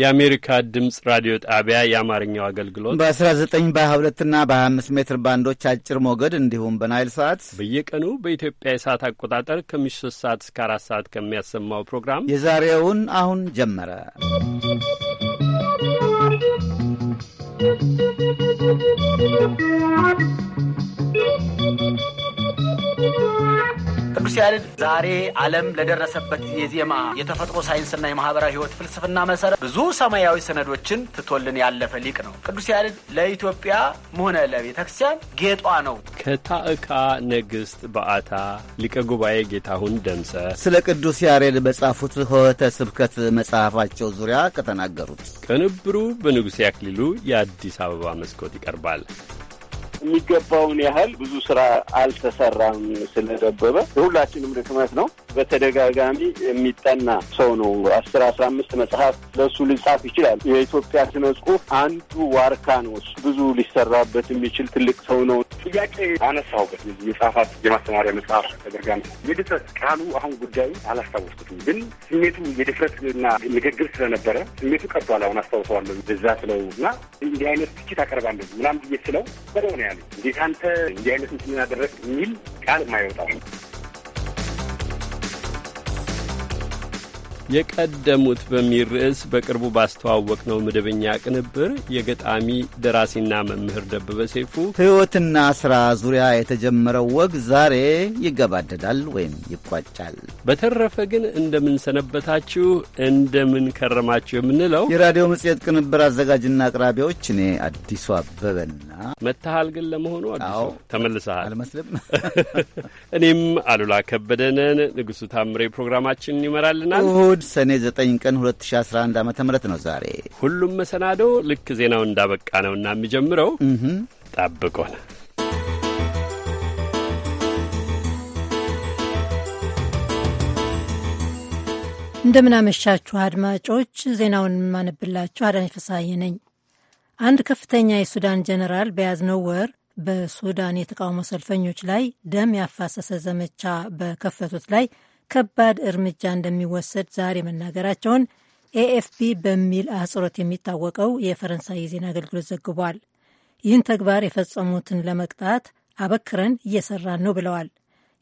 የአሜሪካ ድምፅ ራዲዮ ጣቢያ የአማርኛው አገልግሎት በ19 በ22 እና በ25 ሜትር ባንዶች አጭር ሞገድ እንዲሁም በናይል ሰዓት በየቀኑ በኢትዮጵያ የሰዓት አቆጣጠር ከምሽቱ 3 ሰዓት እስከ 4 ሰዓት ከሚያሰማው ፕሮግራም የዛሬውን አሁን ጀመረ። ¶¶ ሲያድድ ዛሬ ዓለም ለደረሰበት የዜማ የተፈጥሮ ሳይንስና የማህበራዊ ህይወት ፍልስፍና መሰረት ብዙ ሰማያዊ ሰነዶችን ትቶልን ያለፈ ሊቅ ነው። ቅዱስ ያሬድ ለኢትዮጵያ መሆነ ለቤተክርስቲያን ጌጧ ነው። ከታእካ ንግሥት በዓታ ሊቀ ጉባኤ ጌታሁን ደምሰ ስለ ቅዱስ ያሬድ በጻፉት ኆኅተ ስብከት መጽሐፋቸው ዙሪያ ከተናገሩት ቅንብሩ በንጉሴ አክሊሉ የአዲስ አበባ መስኮት ይቀርባል። የሚገባውን ያህል ብዙ ስራ አልተሰራም ስለደበበ ሁላችንም ድክመት ነው። በተደጋጋሚ የሚጠና ሰው ነው። አስር አስራ አምስት መጽሐፍ ለእሱ ልጻፍ ይችላል። የኢትዮጵያ ስነ ጽሁፍ አንዱ ዋርካ ነው። እሱ ብዙ ሊሰራበት የሚችል ትልቅ ሰው ነው። ጥያቄ አነሳሁበት። የጻፋት የማስተማሪያ መጽሐፍ ተደርጋሚ የድፍረት ቃሉ አሁን ጉዳዩ አላስታወስኩትም፣ ግን ስሜቱ የድፍረት እና ንግግር ስለነበረ ስሜቱ ቀርቷል። አሁን አስታውሰዋለሁ። በዛ ስለው እና እንዲህ አይነት ትችት አቀርባለሁ ምናምን ብዬ ስለው በደሆነ ያለ እንዴት አንተ እንዲህ አይነት እንትን ያደረግ የሚል ቃል የማይወጣው የቀደሙት በሚል ርዕስ በቅርቡ ባስተዋወቅ ነው መደበኛ ቅንብር የገጣሚ ደራሲና መምህር ደበበ ሰይፉ ሕይወትና ሥራ ዙሪያ የተጀመረው ወግ ዛሬ ይገባደዳል ወይም ይቋጫል። በተረፈ ግን እንደምንሰነበታችሁ እንደምንከረማችሁ የምንለው የራዲዮ መጽሔት ቅንብር አዘጋጅና አቅራቢዎች እኔ አዲሱ አበበና መታሃል ግን ለመሆኑ አዲሱ ተመልሰሃል አልመስልም። እኔም አሉላ ከበደነን ንጉሡ ታምሬ ፕሮግራማችንን ይመራልናል። እሁድ ሰኔ 9 ቀን 2011 ዓ ም ነው ዛሬ። ሁሉም መሰናዶ ልክ ዜናው እንዳበቃ ነው እና የሚጀምረው ጣብቆን እንደምናመሻችሁ አድማጮች፣ ዜናውን የማነብላችሁ አዳነች ፈሳዬ ነኝ። አንድ ከፍተኛ የሱዳን ጀነራል በያዝነው ወር በሱዳን የተቃውሞ ሰልፈኞች ላይ ደም ያፋሰሰ ዘመቻ በከፈቱት ላይ ከባድ እርምጃ እንደሚወሰድ ዛሬ መናገራቸውን ኤኤፍፒ በሚል አህጽሮት የሚታወቀው የፈረንሳይ የዜና አገልግሎት ዘግቧል። ይህን ተግባር የፈጸሙትን ለመቅጣት አበክረን እየሰራን ነው ብለዋል።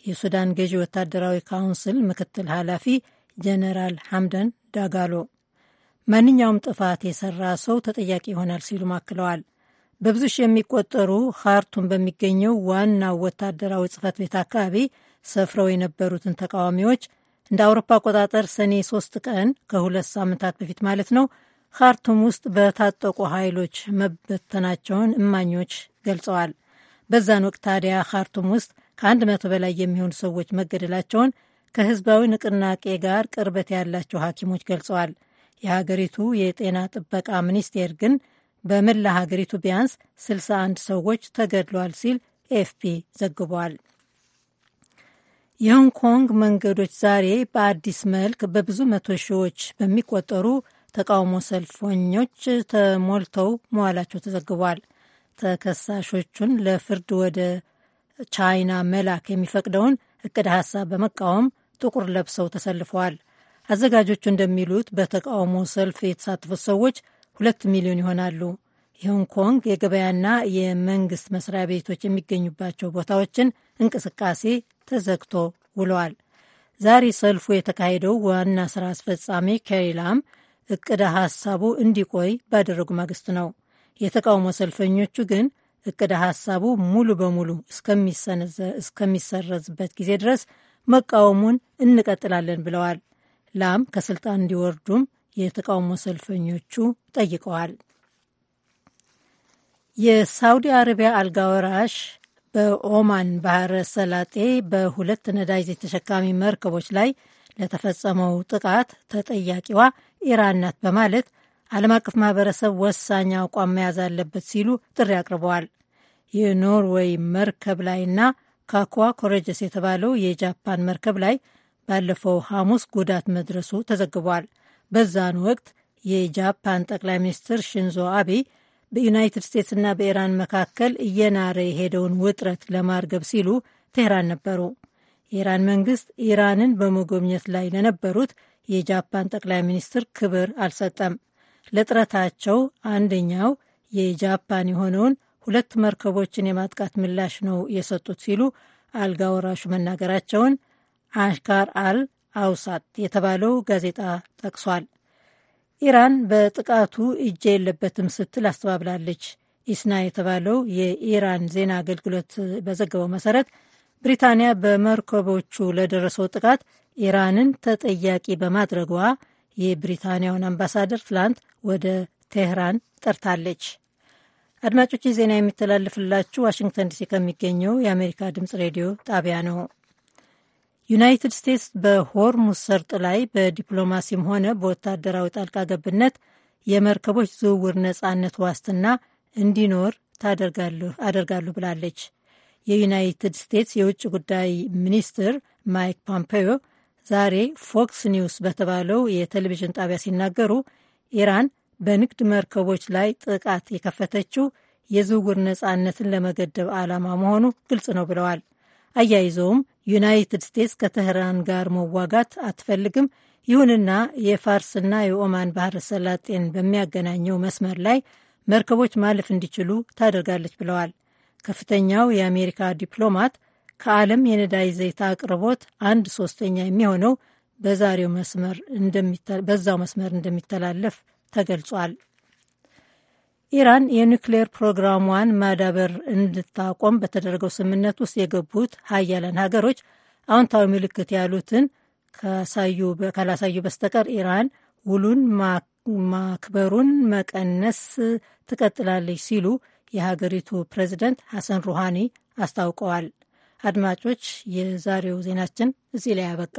የሱዳን ገዢ ወታደራዊ ካውንስል ምክትል ኃላፊ ጀነራል ሐምደን ዳጋሎ ማንኛውም ጥፋት የሰራ ሰው ተጠያቂ ይሆናል ሲሉ አክለዋል። በብዙ ሺህ የሚቆጠሩ ካርቱም በሚገኘው ዋናው ወታደራዊ ጽህፈት ቤት አካባቢ ሰፍረው የነበሩትን ተቃዋሚዎች እንደ አውሮፓ አቆጣጠር ሰኔ ሶስት ቀን ከሁለት ሳምንታት በፊት ማለት ነው ካርቱም ውስጥ በታጠቁ ኃይሎች መበተናቸውን እማኞች ገልጸዋል። በዛን ወቅት ታዲያ ካርቱም ውስጥ ከአንድ መቶ በላይ የሚሆኑ ሰዎች መገደላቸውን ከህዝባዊ ንቅናቄ ጋር ቅርበት ያላቸው ሐኪሞች ገልጸዋል። የሀገሪቱ የጤና ጥበቃ ሚኒስቴር ግን በመላ ሀገሪቱ ቢያንስ 61 ሰዎች ተገድለዋል ሲል ኤፍፒ ዘግቧል። የሆንግ ኮንግ መንገዶች ዛሬ በአዲስ መልክ በብዙ መቶ ሺዎች በሚቆጠሩ ተቃውሞ ሰልፈኞች ተሞልተው መዋላቸው ተዘግቧል። ተከሳሾቹን ለፍርድ ወደ ቻይና መላክ የሚፈቅደውን እቅድ ሀሳብ በመቃወም ጥቁር ለብሰው ተሰልፈዋል። አዘጋጆቹ እንደሚሉት በተቃውሞ ሰልፍ የተሳተፉት ሰዎች ሁለት ሚሊዮን ይሆናሉ። የሆንግ ኮንግ የገበያና የመንግስት መስሪያ ቤቶች የሚገኙባቸው ቦታዎችን እንቅስቃሴ ተዘግቶ ውለዋል። ዛሬ ሰልፉ የተካሄደው ዋና ስራ አስፈጻሚ ኬሪ ላም እቅደ ሐሳቡ እንዲቆይ ባደረጉ ማግስት ነው። የተቃውሞ ሰልፈኞቹ ግን እቅደ ሐሳቡ ሙሉ በሙሉ እስከሚሰረዝበት ጊዜ ድረስ መቃወሙን እንቀጥላለን ብለዋል። ላም ከስልጣን እንዲወርዱም የተቃውሞ ሰልፈኞቹ ጠይቀዋል። የሳውዲ አረቢያ አልጋ ወራሽ በኦማን ባህረ ሰላጤ በሁለት ነዳጅ ተሸካሚ መርከቦች ላይ ለተፈጸመው ጥቃት ተጠያቂዋ ኢራን ናት በማለት ዓለም አቀፍ ማህበረሰብ ወሳኝ አቋም መያዝ አለበት ሲሉ ጥሪ አቅርበዋል። የኖርዌይ መርከብ ላይና ካኳ ኮረጀስ የተባለው የጃፓን መርከብ ላይ ባለፈው ሐሙስ ጉዳት መድረሱ ተዘግቧል። በዛን ወቅት የጃፓን ጠቅላይ ሚኒስትር ሽንዞ አቤ በዩናይትድ ስቴትስና በኢራን መካከል እየናረ የሄደውን ውጥረት ለማርገብ ሲሉ ቴህራን ነበሩ። የኢራን መንግስት ኢራንን በመጎብኘት ላይ ለነበሩት የጃፓን ጠቅላይ ሚኒስትር ክብር አልሰጠም። ለጥረታቸው አንደኛው የጃፓን የሆነውን ሁለት መርከቦችን የማጥቃት ምላሽ ነው የሰጡት ሲሉ አልጋ ወራሹ መናገራቸውን አሽካር አል አውሳት የተባለው ጋዜጣ ጠቅሷል። ኢራን በጥቃቱ እጄ የለበትም ስትል አስተባብላለች። ኢስና የተባለው የኢራን ዜና አገልግሎት በዘገበው መሰረት ብሪታንያ በመርከቦቹ ለደረሰው ጥቃት ኢራንን ተጠያቂ በማድረጓ የብሪታንያውን አምባሳደር ትላንት ወደ ቴህራን ጠርታለች። አድማጮች ዜና የሚተላለፍላችሁ ዋሽንግተን ዲሲ ከሚገኘው የአሜሪካ ድምጽ ሬዲዮ ጣቢያ ነው። ዩናይትድ ስቴትስ በሆርሙስ ሰርጥ ላይ በዲፕሎማሲም ሆነ በወታደራዊ ጣልቃ ገብነት የመርከቦች ዝውውር ነጻነት ዋስትና እንዲኖር አደርጋለሁ ብላለች። የዩናይትድ ስቴትስ የውጭ ጉዳይ ሚኒስትር ማይክ ፖምፔዮ ዛሬ ፎክስ ኒውስ በተባለው የቴሌቪዥን ጣቢያ ሲናገሩ ኢራን በንግድ መርከቦች ላይ ጥቃት የከፈተችው የዝውውር ነጻነትን ለመገደብ ዓላማ መሆኑ ግልጽ ነው ብለዋል። አያይዘውም ዩናይትድ ስቴትስ ከተህራን ጋር መዋጋት አትፈልግም፣ ይሁንና የፋርስና የኦማን ባህረ ሰላጤን በሚያገናኘው መስመር ላይ መርከቦች ማለፍ እንዲችሉ ታደርጋለች ብለዋል። ከፍተኛው የአሜሪካ ዲፕሎማት ከዓለም የነዳጅ ዘይት አቅርቦት አንድ ሶስተኛ የሚሆነው በዛሬው መስመር በዛው መስመር እንደሚተላለፍ ተገልጿል። ኢራን የኒክሌር ፕሮግራሟን ማዳበር እንድታቆም በተደረገው ስምምነት ውስጥ የገቡት ሀያላን ሀገሮች አዎንታዊ ምልክት ያሉትን ካላሳዩ በስተቀር ኢራን ውሉን ማክበሩን መቀነስ ትቀጥላለች ሲሉ የሀገሪቱ ፕሬዚደንት ሐሰን ሩሃኒ አስታውቀዋል። አድማጮች፣ የዛሬው ዜናችን እዚህ ላይ ያበቃ።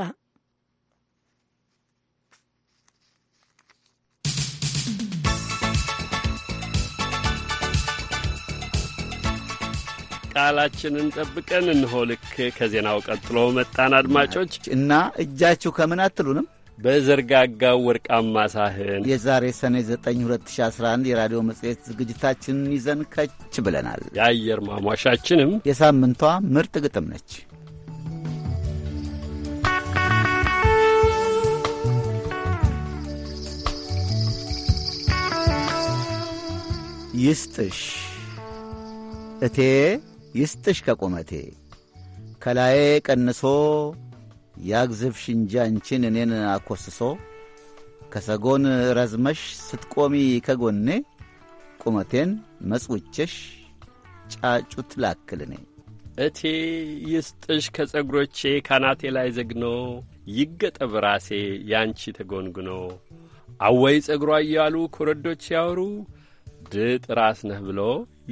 ቃላችንን ጠብቀን እንሆ ልክ ከዜናው ቀጥሎ መጣን። አድማጮች እና እጃችሁ ከምን አትሉንም በዘርጋጋው ወርቃማ ሳህን የዛሬ ሰኔ 9 2011 የራዲዮ መጽሔት ዝግጅታችንን ይዘን ከች ብለናል። የአየር ማሟሻችንም የሳምንቷ ምርጥ ግጥም ነች። ይስጥሽ እቴ ይስጥሽ ከቁመቴ ከላዬ ቀንሶ ያግዝፍሽ ሽንጃንችን እኔን አኰስሶ ከሰጎን ረዝመሽ ስትቆሚ ከጎኔ ቁመቴን መጽውቼሽ ጫጩት ላክልኔ እቴ ይስጥሽ ከጸጉሮቼ ካናቴ ላይ ዘግኖ ይገጠብ ራሴ ያንቺ ተጐንግኖ አወይ ጸጉሯ እያሉ ኮረዶች ሲያወሩ ድጥ ራስ ነህ ብሎ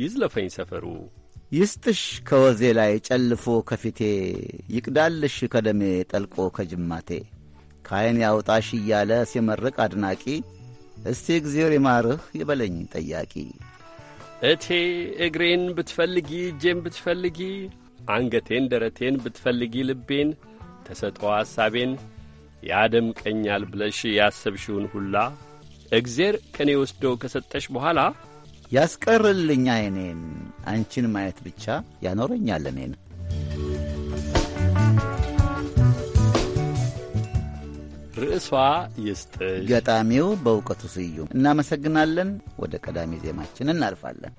ይዝለፈኝ ሰፈሩ ይስጥሽ ከወዜ ላይ ጨልፎ ከፊቴ ይቅዳልሽ ከደሜ ጠልቆ ከጅማቴ ከዐይን ያውጣሽ እያለ ሲመርቅ አድናቂ እስቲ እግዚአብሔር ይማርህ ይበለኝ ጠያቂ። እቴ እግሬን ብትፈልጊ እጄን ብትፈልጊ አንገቴን ደረቴን ብትፈልጊ ልቤን ተሰጥኦ ሐሳቤን ያደምቀኛል ብለሽ ያሰብሽውን ሁላ እግዜር ከእኔ ወስዶ ከሰጠሽ በኋላ ያስቀርልኝ አይኔን አንቺን ማየት ብቻ ያኖረኛል እኔን። ርዕሷ ይስጥሽ፣ ገጣሚው በእውቀቱ ስዩም። እናመሰግናለን። ወደ ቀዳሚ ዜማችን እናልፋለን።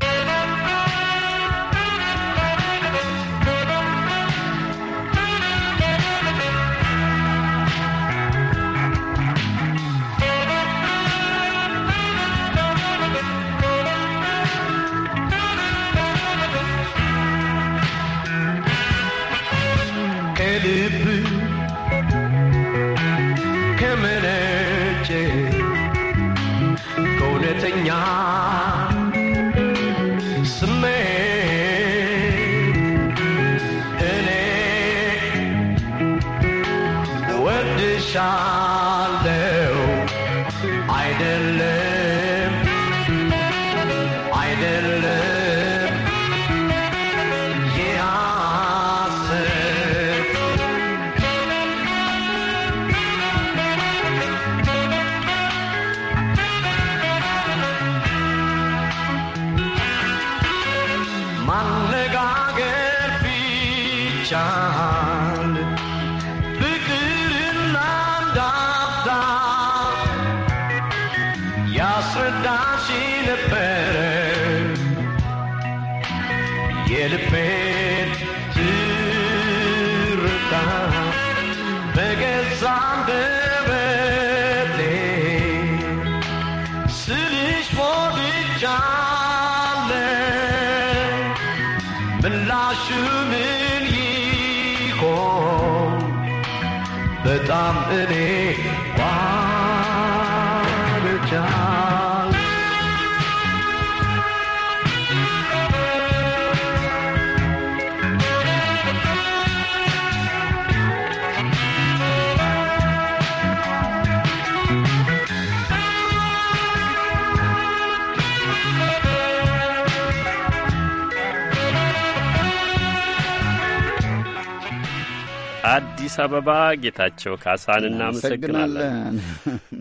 አበባ ጌታቸው ካሳን እናመሰግናለን።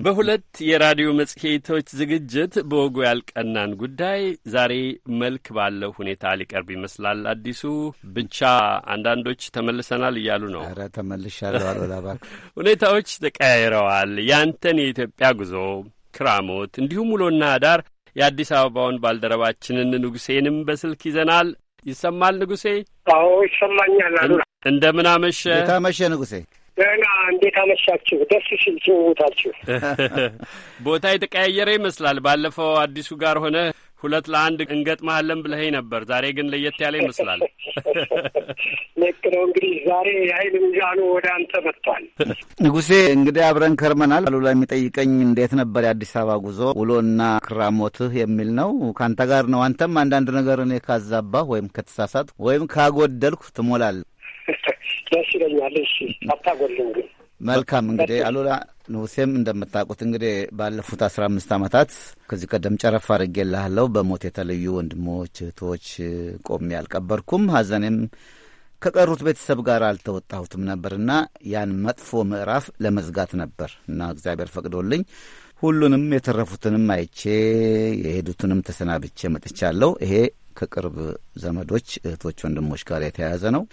በሁለት የራዲዮ መጽሔቶች ዝግጅት በወጉ ያልቀናን ጉዳይ ዛሬ መልክ ባለው ሁኔታ ሊቀርብ ይመስላል። አዲሱ ብቻ አንዳንዶች ተመልሰናል እያሉ ነው። ኧረ ተመልሻለሁ ሁኔታዎች ተቀያይረዋል። ያንተን የኢትዮጵያ ጉዞ ክራሞት፣ እንዲሁም ውሎና አዳር የአዲስ አበባውን ባልደረባችንን ንጉሴንም በስልክ ይዘናል። ይሰማል ንጉሴ? አዎ ይሰማኛል። አሉላ እንደምን አመሸ? እንዴት አመሸ ንጉሴ? ደህና። እንዴት አመሻችሁ? ደስ ሲል ስውታችሁ። ቦታ የተቀያየረ ይመስላል። ባለፈው አዲሱ ጋር ሆነ ሁለት ለአንድ እንገጥመሃለን ብለኸኝ ነበር። ዛሬ ግን ለየት ያለ ይመስላል። ልክ ነው። እንግዲህ ዛሬ የኃይል ሚዛኑ ወደ አንተ መጥቷል። ንጉሴ እንግዲህ አብረን ከርመናል። አሉላ የሚጠይቀኝ እንዴት ነበር የአዲስ አበባ ጉዞ ውሎና ክራሞትህ የሚል ነው። ከአንተ ጋር ነው። አንተም አንዳንድ ነገር እኔ ካዛባህ ወይም ከተሳሳት ወይም ካጎደልኩ ትሞላል። ደስ ይለኛል። እሺ አታጎልም ግን መልካም እንግዲህ አሉላ ንጉሴም እንደምታውቁት እንግዲህ ባለፉት አስራ አምስት ዓመታት ከዚህ ቀደም ጨረፍ አድርጌልሃለሁ። በሞት የተለዩ ወንድሞች እህቶች ቆሜ አልቀበርኩም። ሐዘኔም ከቀሩት ቤተሰብ ጋር አልተወጣሁትም ነበርና ያን መጥፎ ምዕራፍ ለመዝጋት ነበር እና እግዚአብሔር ፈቅዶልኝ ሁሉንም የተረፉትንም አይቼ የሄዱትንም ተሰናብቼ መጥቻለሁ። ይሄ ከቅርብ ዘመዶች እህቶች፣ ወንድሞች ጋር የተያያዘ ነው።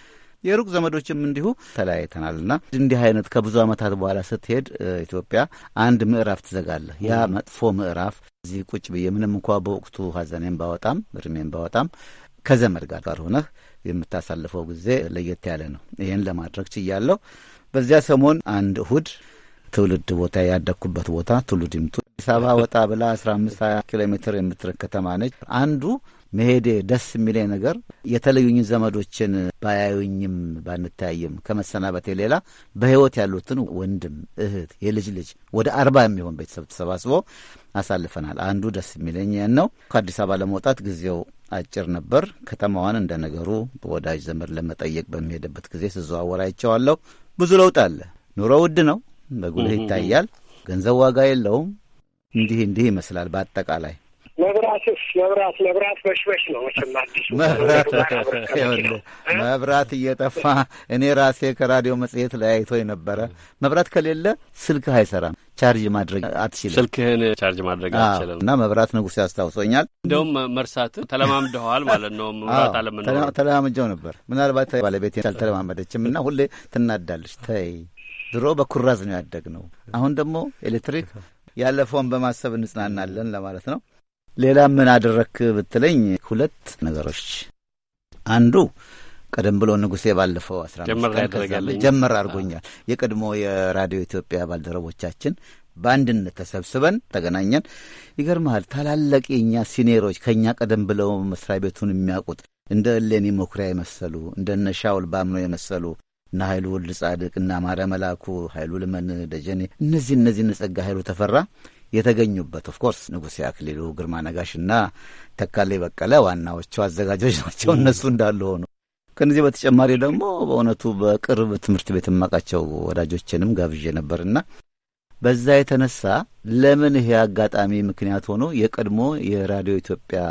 የሩቅ ዘመዶችም እንዲሁ ተለያይተናልና እንዲህ አይነት ከብዙ ዓመታት በኋላ ስትሄድ ኢትዮጵያ አንድ ምዕራፍ ትዘጋለህ። ያ መጥፎ ምዕራፍ እዚህ ቁጭ ብዬ ምንም እንኳ በወቅቱ ሀዘኔም ባወጣም እድሜም ባወጣም ከዘመድ ጋር ሆነህ የምታሳልፈው ጊዜ ለየት ያለ ነው። ይህን ለማድረግ ችያለሁ። በዚያ ሰሞን አንድ እሁድ ትውልድ ቦታ ያደግኩበት ቦታ ትውልድ ይምቱ አዲስ አበባ ወጣ ብላ አስራ አምስት ሀያ ኪሎ ሜትር የምትርቅ ከተማ ነች። አንዱ መሄዴ ደስ የሚለኝ ነገር የተለዩኝ ዘመዶችን ባያዩኝም ባንታይም ከመሰናበቴ ሌላ በሕይወት ያሉትን ወንድም፣ እህት፣ የልጅ ልጅ ወደ አርባ የሚሆን ቤተሰብ ተሰባስቦ አሳልፈናል። አንዱ ደስ የሚለኝ ያን ነው። ከአዲስ አበባ ለመውጣት ጊዜው አጭር ነበር። ከተማዋን እንደ ነገሩ በወዳጅ ዘመድ ለመጠየቅ በሚሄድበት ጊዜ ስዘዋወር አይቼዋለሁ። ብዙ ለውጥ አለ። ኑሮ ውድ ነው፣ በጉልህ ይታያል። ገንዘብ ዋጋ የለውም። እንዲህ እንዲህ ይመስላል በአጠቃላይ መብራትስ መብራት መብራት መሽመሽ ነው መቼም አዲሱ መብራት እየጠፋ እኔ ራሴ ከራዲዮ መጽሔት ላይ አይቶ የነበረ መብራት ከሌለ ስልክህ አይሰራም። ቻርጅ ማድረግ አትችልም። ስልክህን ቻርጅ ማድረግ አትችልም። እና መብራት ንጉሥ ያስታውሶኛል። እንደውም መርሳት ተለማምደዋል ማለት ነው። መብራት አለመኖር ተለማምጀው ነበር። ምናልባት ባለቤት አልተለማመደችም እና ሁሌ ትናዳለች። ተይ ድሮ በኩራዝ ነው ያደግ ነው። አሁን ደግሞ ኤሌክትሪክ ያለፈውን በማሰብ እንጽናናለን ለማለት ነው። ሌላ ምን አደረክ ብትለኝ ሁለት ነገሮች አንዱ ቀደም ብሎ ንጉሴ ባለፈው አስራ ጀመር አድርጎኛል። የቀድሞ የራዲዮ ኢትዮጵያ ባልደረቦቻችን በአንድነት ተሰብስበን ተገናኘን። ይገርመሃል ታላላቅ የእኛ ሲኔሮች ከእኛ ቀደም ብለው መስሪያ ቤቱን የሚያውቁት እንደ እሌኒ መኩሪያ የመሰሉ እንደ እነ ሻውል ባምኖ የመሰሉ እና ኃይሉ ወልድ ጻድቅ እና ማረ መላኩ፣ ኃይሉ ልመን ደጀኔ፣ እነዚህ እነዚህ እነ ጸጋ ኃይሉ ተፈራ የተገኙበት ኦፍኮርስ ንጉሴ አክሊሉ፣ ግርማ ነጋሽና ተካሌ በቀለ ዋናዎቹ አዘጋጆች ናቸው። እነሱ እንዳሉ ሆኑ። ከነዚህ በተጨማሪ ደግሞ በእውነቱ በቅርብ ትምህርት ቤት የማውቃቸው ወዳጆችንም ጋብዤ ነበርና በዛ የተነሳ ለምን ይሄ አጋጣሚ ምክንያት ሆኖ የቀድሞ የራዲዮ ኢትዮጵያ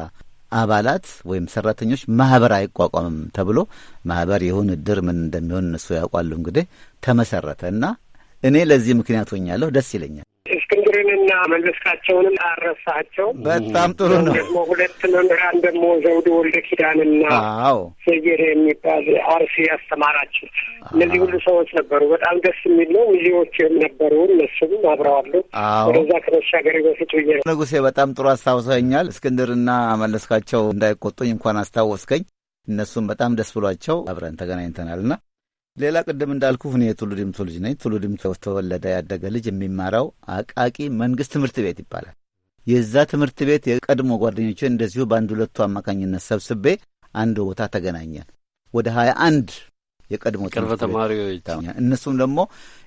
አባላት ወይም ሰራተኞች ማህበር አይቋቋምም ተብሎ ማህበር ይሁን እድር ምን እንደሚሆን እነሱ ያውቋሉ። እንግዲህ ተመሰረተ እና እኔ ለዚህ ምክንያት ሆኛለሁ። ደስ ይለኛል። እስክንድርንና መለስካቸውንም አረሳቸው። በጣም ጥሩ ነው። ደግሞ ሁለት መምህራን ደግሞ ዘውድ ወልደ ኪዳንና ሴጌር የሚባል አርሲ ያስተማራቸው እነዚህ ሁሉ ሰዎች ነበሩ። በጣም ደስ የሚል ነው። ሚዜዎችም ነበሩ። እነሱም አብረዋሉ። ወደዛ ከመሻገር በፊት ብዬ ንጉሴ፣ በጣም ጥሩ አስታውሰኛል። እስክንድርና መለስካቸው እንዳይቆጡኝ እንኳን አስታወስከኝ። እነሱም በጣም ደስ ብሏቸው አብረን ተገናኝተናልና ሌላ ቅድም እንዳልኩ እኔ የቱሉ ዲምቱ ልጅ ነኝ። ቱሉ ተወለደ ያደገ ልጅ የሚማራው አቃቂ መንግስት ትምህርት ቤት ይባላል። የዛ ትምህርት ቤት የቀድሞ ጓደኞቼ እንደዚሁ በአንድ ሁለቱ አማካኝነት ሰብስቤ አንድ ቦታ ተገናኘን። ወደ ሀያ አንድ የቀድሞ ቅርብ ተማሪዎች እነሱም ደግሞ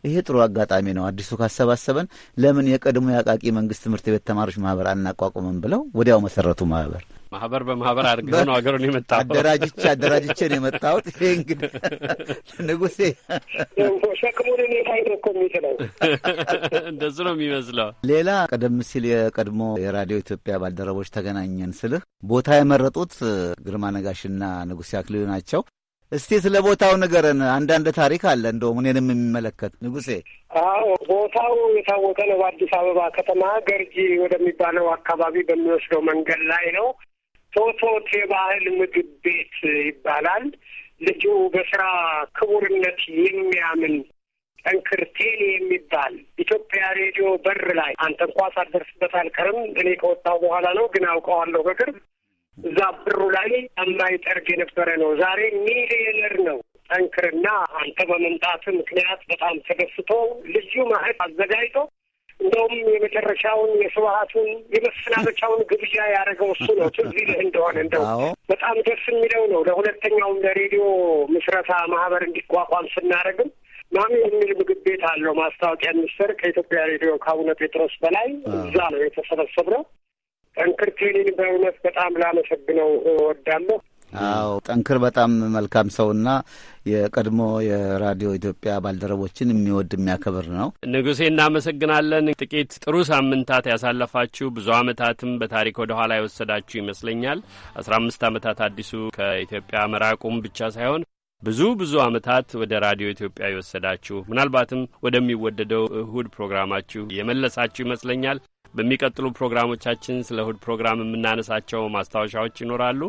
ይሄ ጥሩ አጋጣሚ ነው፣ አዲሱ ካሰባሰበን ለምን የቀድሞ የአቃቂ መንግስት ትምህርት ቤት ተማሪዎች ማህበር አናቋቁምም ብለው ወዲያው መሰረቱ ማህበር ማህበር በማህበር አድርገ ነው ሀገሩን የመጣ አደራጅቼ አደራጅቼ ነው የመጣሁት። ይሄ እንግዲህ ንጉሴ ሸክሙን ሁኔታ ሄዶ እኮ የሚጥለው እንደሱ ነው የሚመስለው። ሌላ ቀደም ሲል የቀድሞ የራዲዮ ኢትዮጵያ ባልደረቦች ተገናኘን ስልህ ቦታ የመረጡት ግርማ ነጋሽና ንጉሴ አክሊሉ ናቸው። እስቲ ስለ ቦታው ንገረን። አንዳንድ ታሪክ አለ እንደውም እኔንም የሚመለከት ንጉሴ። አዎ ቦታው የታወቀ ነው። በአዲስ አበባ ከተማ ገርጂ ወደሚባለው አካባቢ በሚወስደው መንገድ ላይ ነው። ቶቶት የባህል ምግብ ቤት ይባላል። ልጁ በስራ ክቡርነት የሚያምን ጠንክር ቴሌ የሚባል ኢትዮጵያ ሬዲዮ በር ላይ አንተ እንኳ ሳደርስበት አልቀርም። እኔ ከወጣሁ በኋላ ነው ግን አውቀዋለሁ በቅርብ እዛ ብሩ ላይ የማይጠርግ የነበረ ነው። ዛሬ ሚሊዮነር ነው። ጠንክርና አንተ በመምጣት ምክንያት በጣም ተደስቶ ልዩ ማዕድ አዘጋጅቶ እንደውም የመጨረሻውን የስብሀቱን የመሰናበቻውን ግብዣ ያደረገው እሱ ነው። ትዝ ይልህ እንደሆነ እንደው በጣም ደስ የሚለው ነው። ለሁለተኛውም ለሬዲዮ ምስረታ ማህበር እንዲቋቋም ስናደርግም ማሚ የሚል ምግብ ቤት አለው ማስታወቂያ ሚኒስቴር ከኢትዮጵያ ሬዲዮ ከአቡነ ጴጥሮስ በላይ እዛ ነው የተሰበሰብነው። ጠንክርቴንን በእውነት በጣም ላመሰግነው እወዳለሁ። አዎ ጠንክር በጣም መልካም ሰውና የቀድሞ የራዲዮ ኢትዮጵያ ባልደረቦችን የሚወድ የሚያከብር ነው። ንጉሴ እናመሰግናለን። ጥቂት ጥሩ ሳምንታት ያሳለፋችሁ ብዙ ዓመታትም በታሪክ ወደ ኋላ የወሰዳችሁ ይመስለኛል። አስራ አምስት ዓመታት አዲሱ ከኢትዮጵያ መራቁም ብቻ ሳይሆን ብዙ ብዙ ዓመታት ወደ ራዲዮ ኢትዮጵያ የወሰዳችሁ ምናልባትም ወደሚወደደው እሁድ ፕሮግራማችሁ የመለሳችሁ ይመስለኛል። በሚቀጥሉ ፕሮግራሞቻችን ስለ እሁድ ፕሮግራም የምናነሳቸው ማስታወሻዎች ይኖራሉ።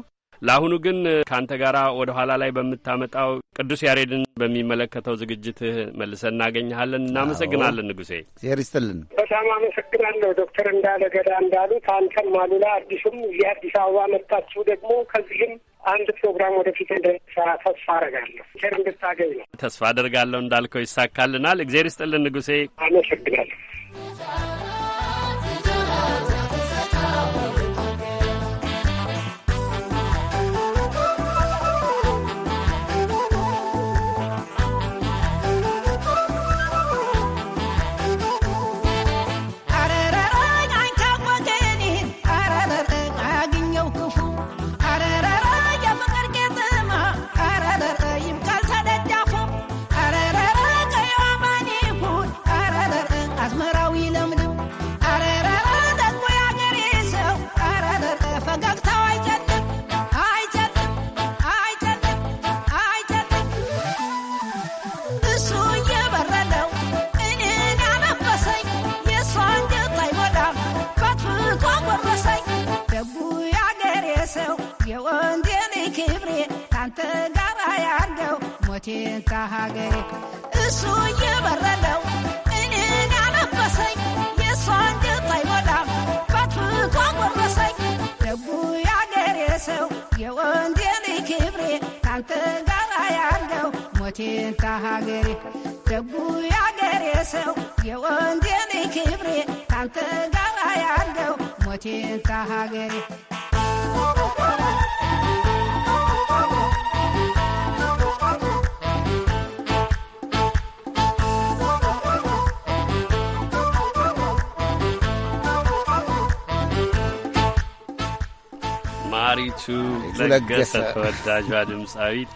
ለአሁኑ ግን ከአንተ ጋር ወደ ኋላ ላይ በምታመጣው ቅዱስ ያሬድን በሚመለከተው ዝግጅትህ መልሰን እናገኘሃለን። እናመሰግናለን ንጉሴ፣ እግዚአብሔር ይስጥልን። በጣም አመሰግናለሁ ዶክተር እንዳለ ገዳ እንዳሉት አንተም አሉላ አዲሱም እዚህ አዲስ አበባ መጣችሁ ደግሞ ከዚህም አንድ ፕሮግራም ወደፊት እንደሚሰራ ተስፋ አደርጋለሁ። ር እንድታገኝ ነው ተስፋ አደርጋለሁ። እንዳልከው ይሳካልናል። እግዜር ይስጥልን ንጉሴ፣ አመሰግናለሁ። Tower, Rebel Set Tower. ሞቼን ከሀገሬ እሱ እየበረለው እኔን ያለበሰኝ የእሷን እንጀት አይሞላም ከትቶ ጎረሰኝ ደጉ ያገሬ ሰው የወንዴ ልጅ ክብሬ ካንተ ጋራ ያለው ሞቼን ከሀገሬ ደጉ ያገሬ ሰው የወንዴ ልጅ ክብሬ ካንተ ጋራ ያለው ሞቼን ከሀገሬ አሪቱ ለገሰ ተወዳጇ ድምፃዊት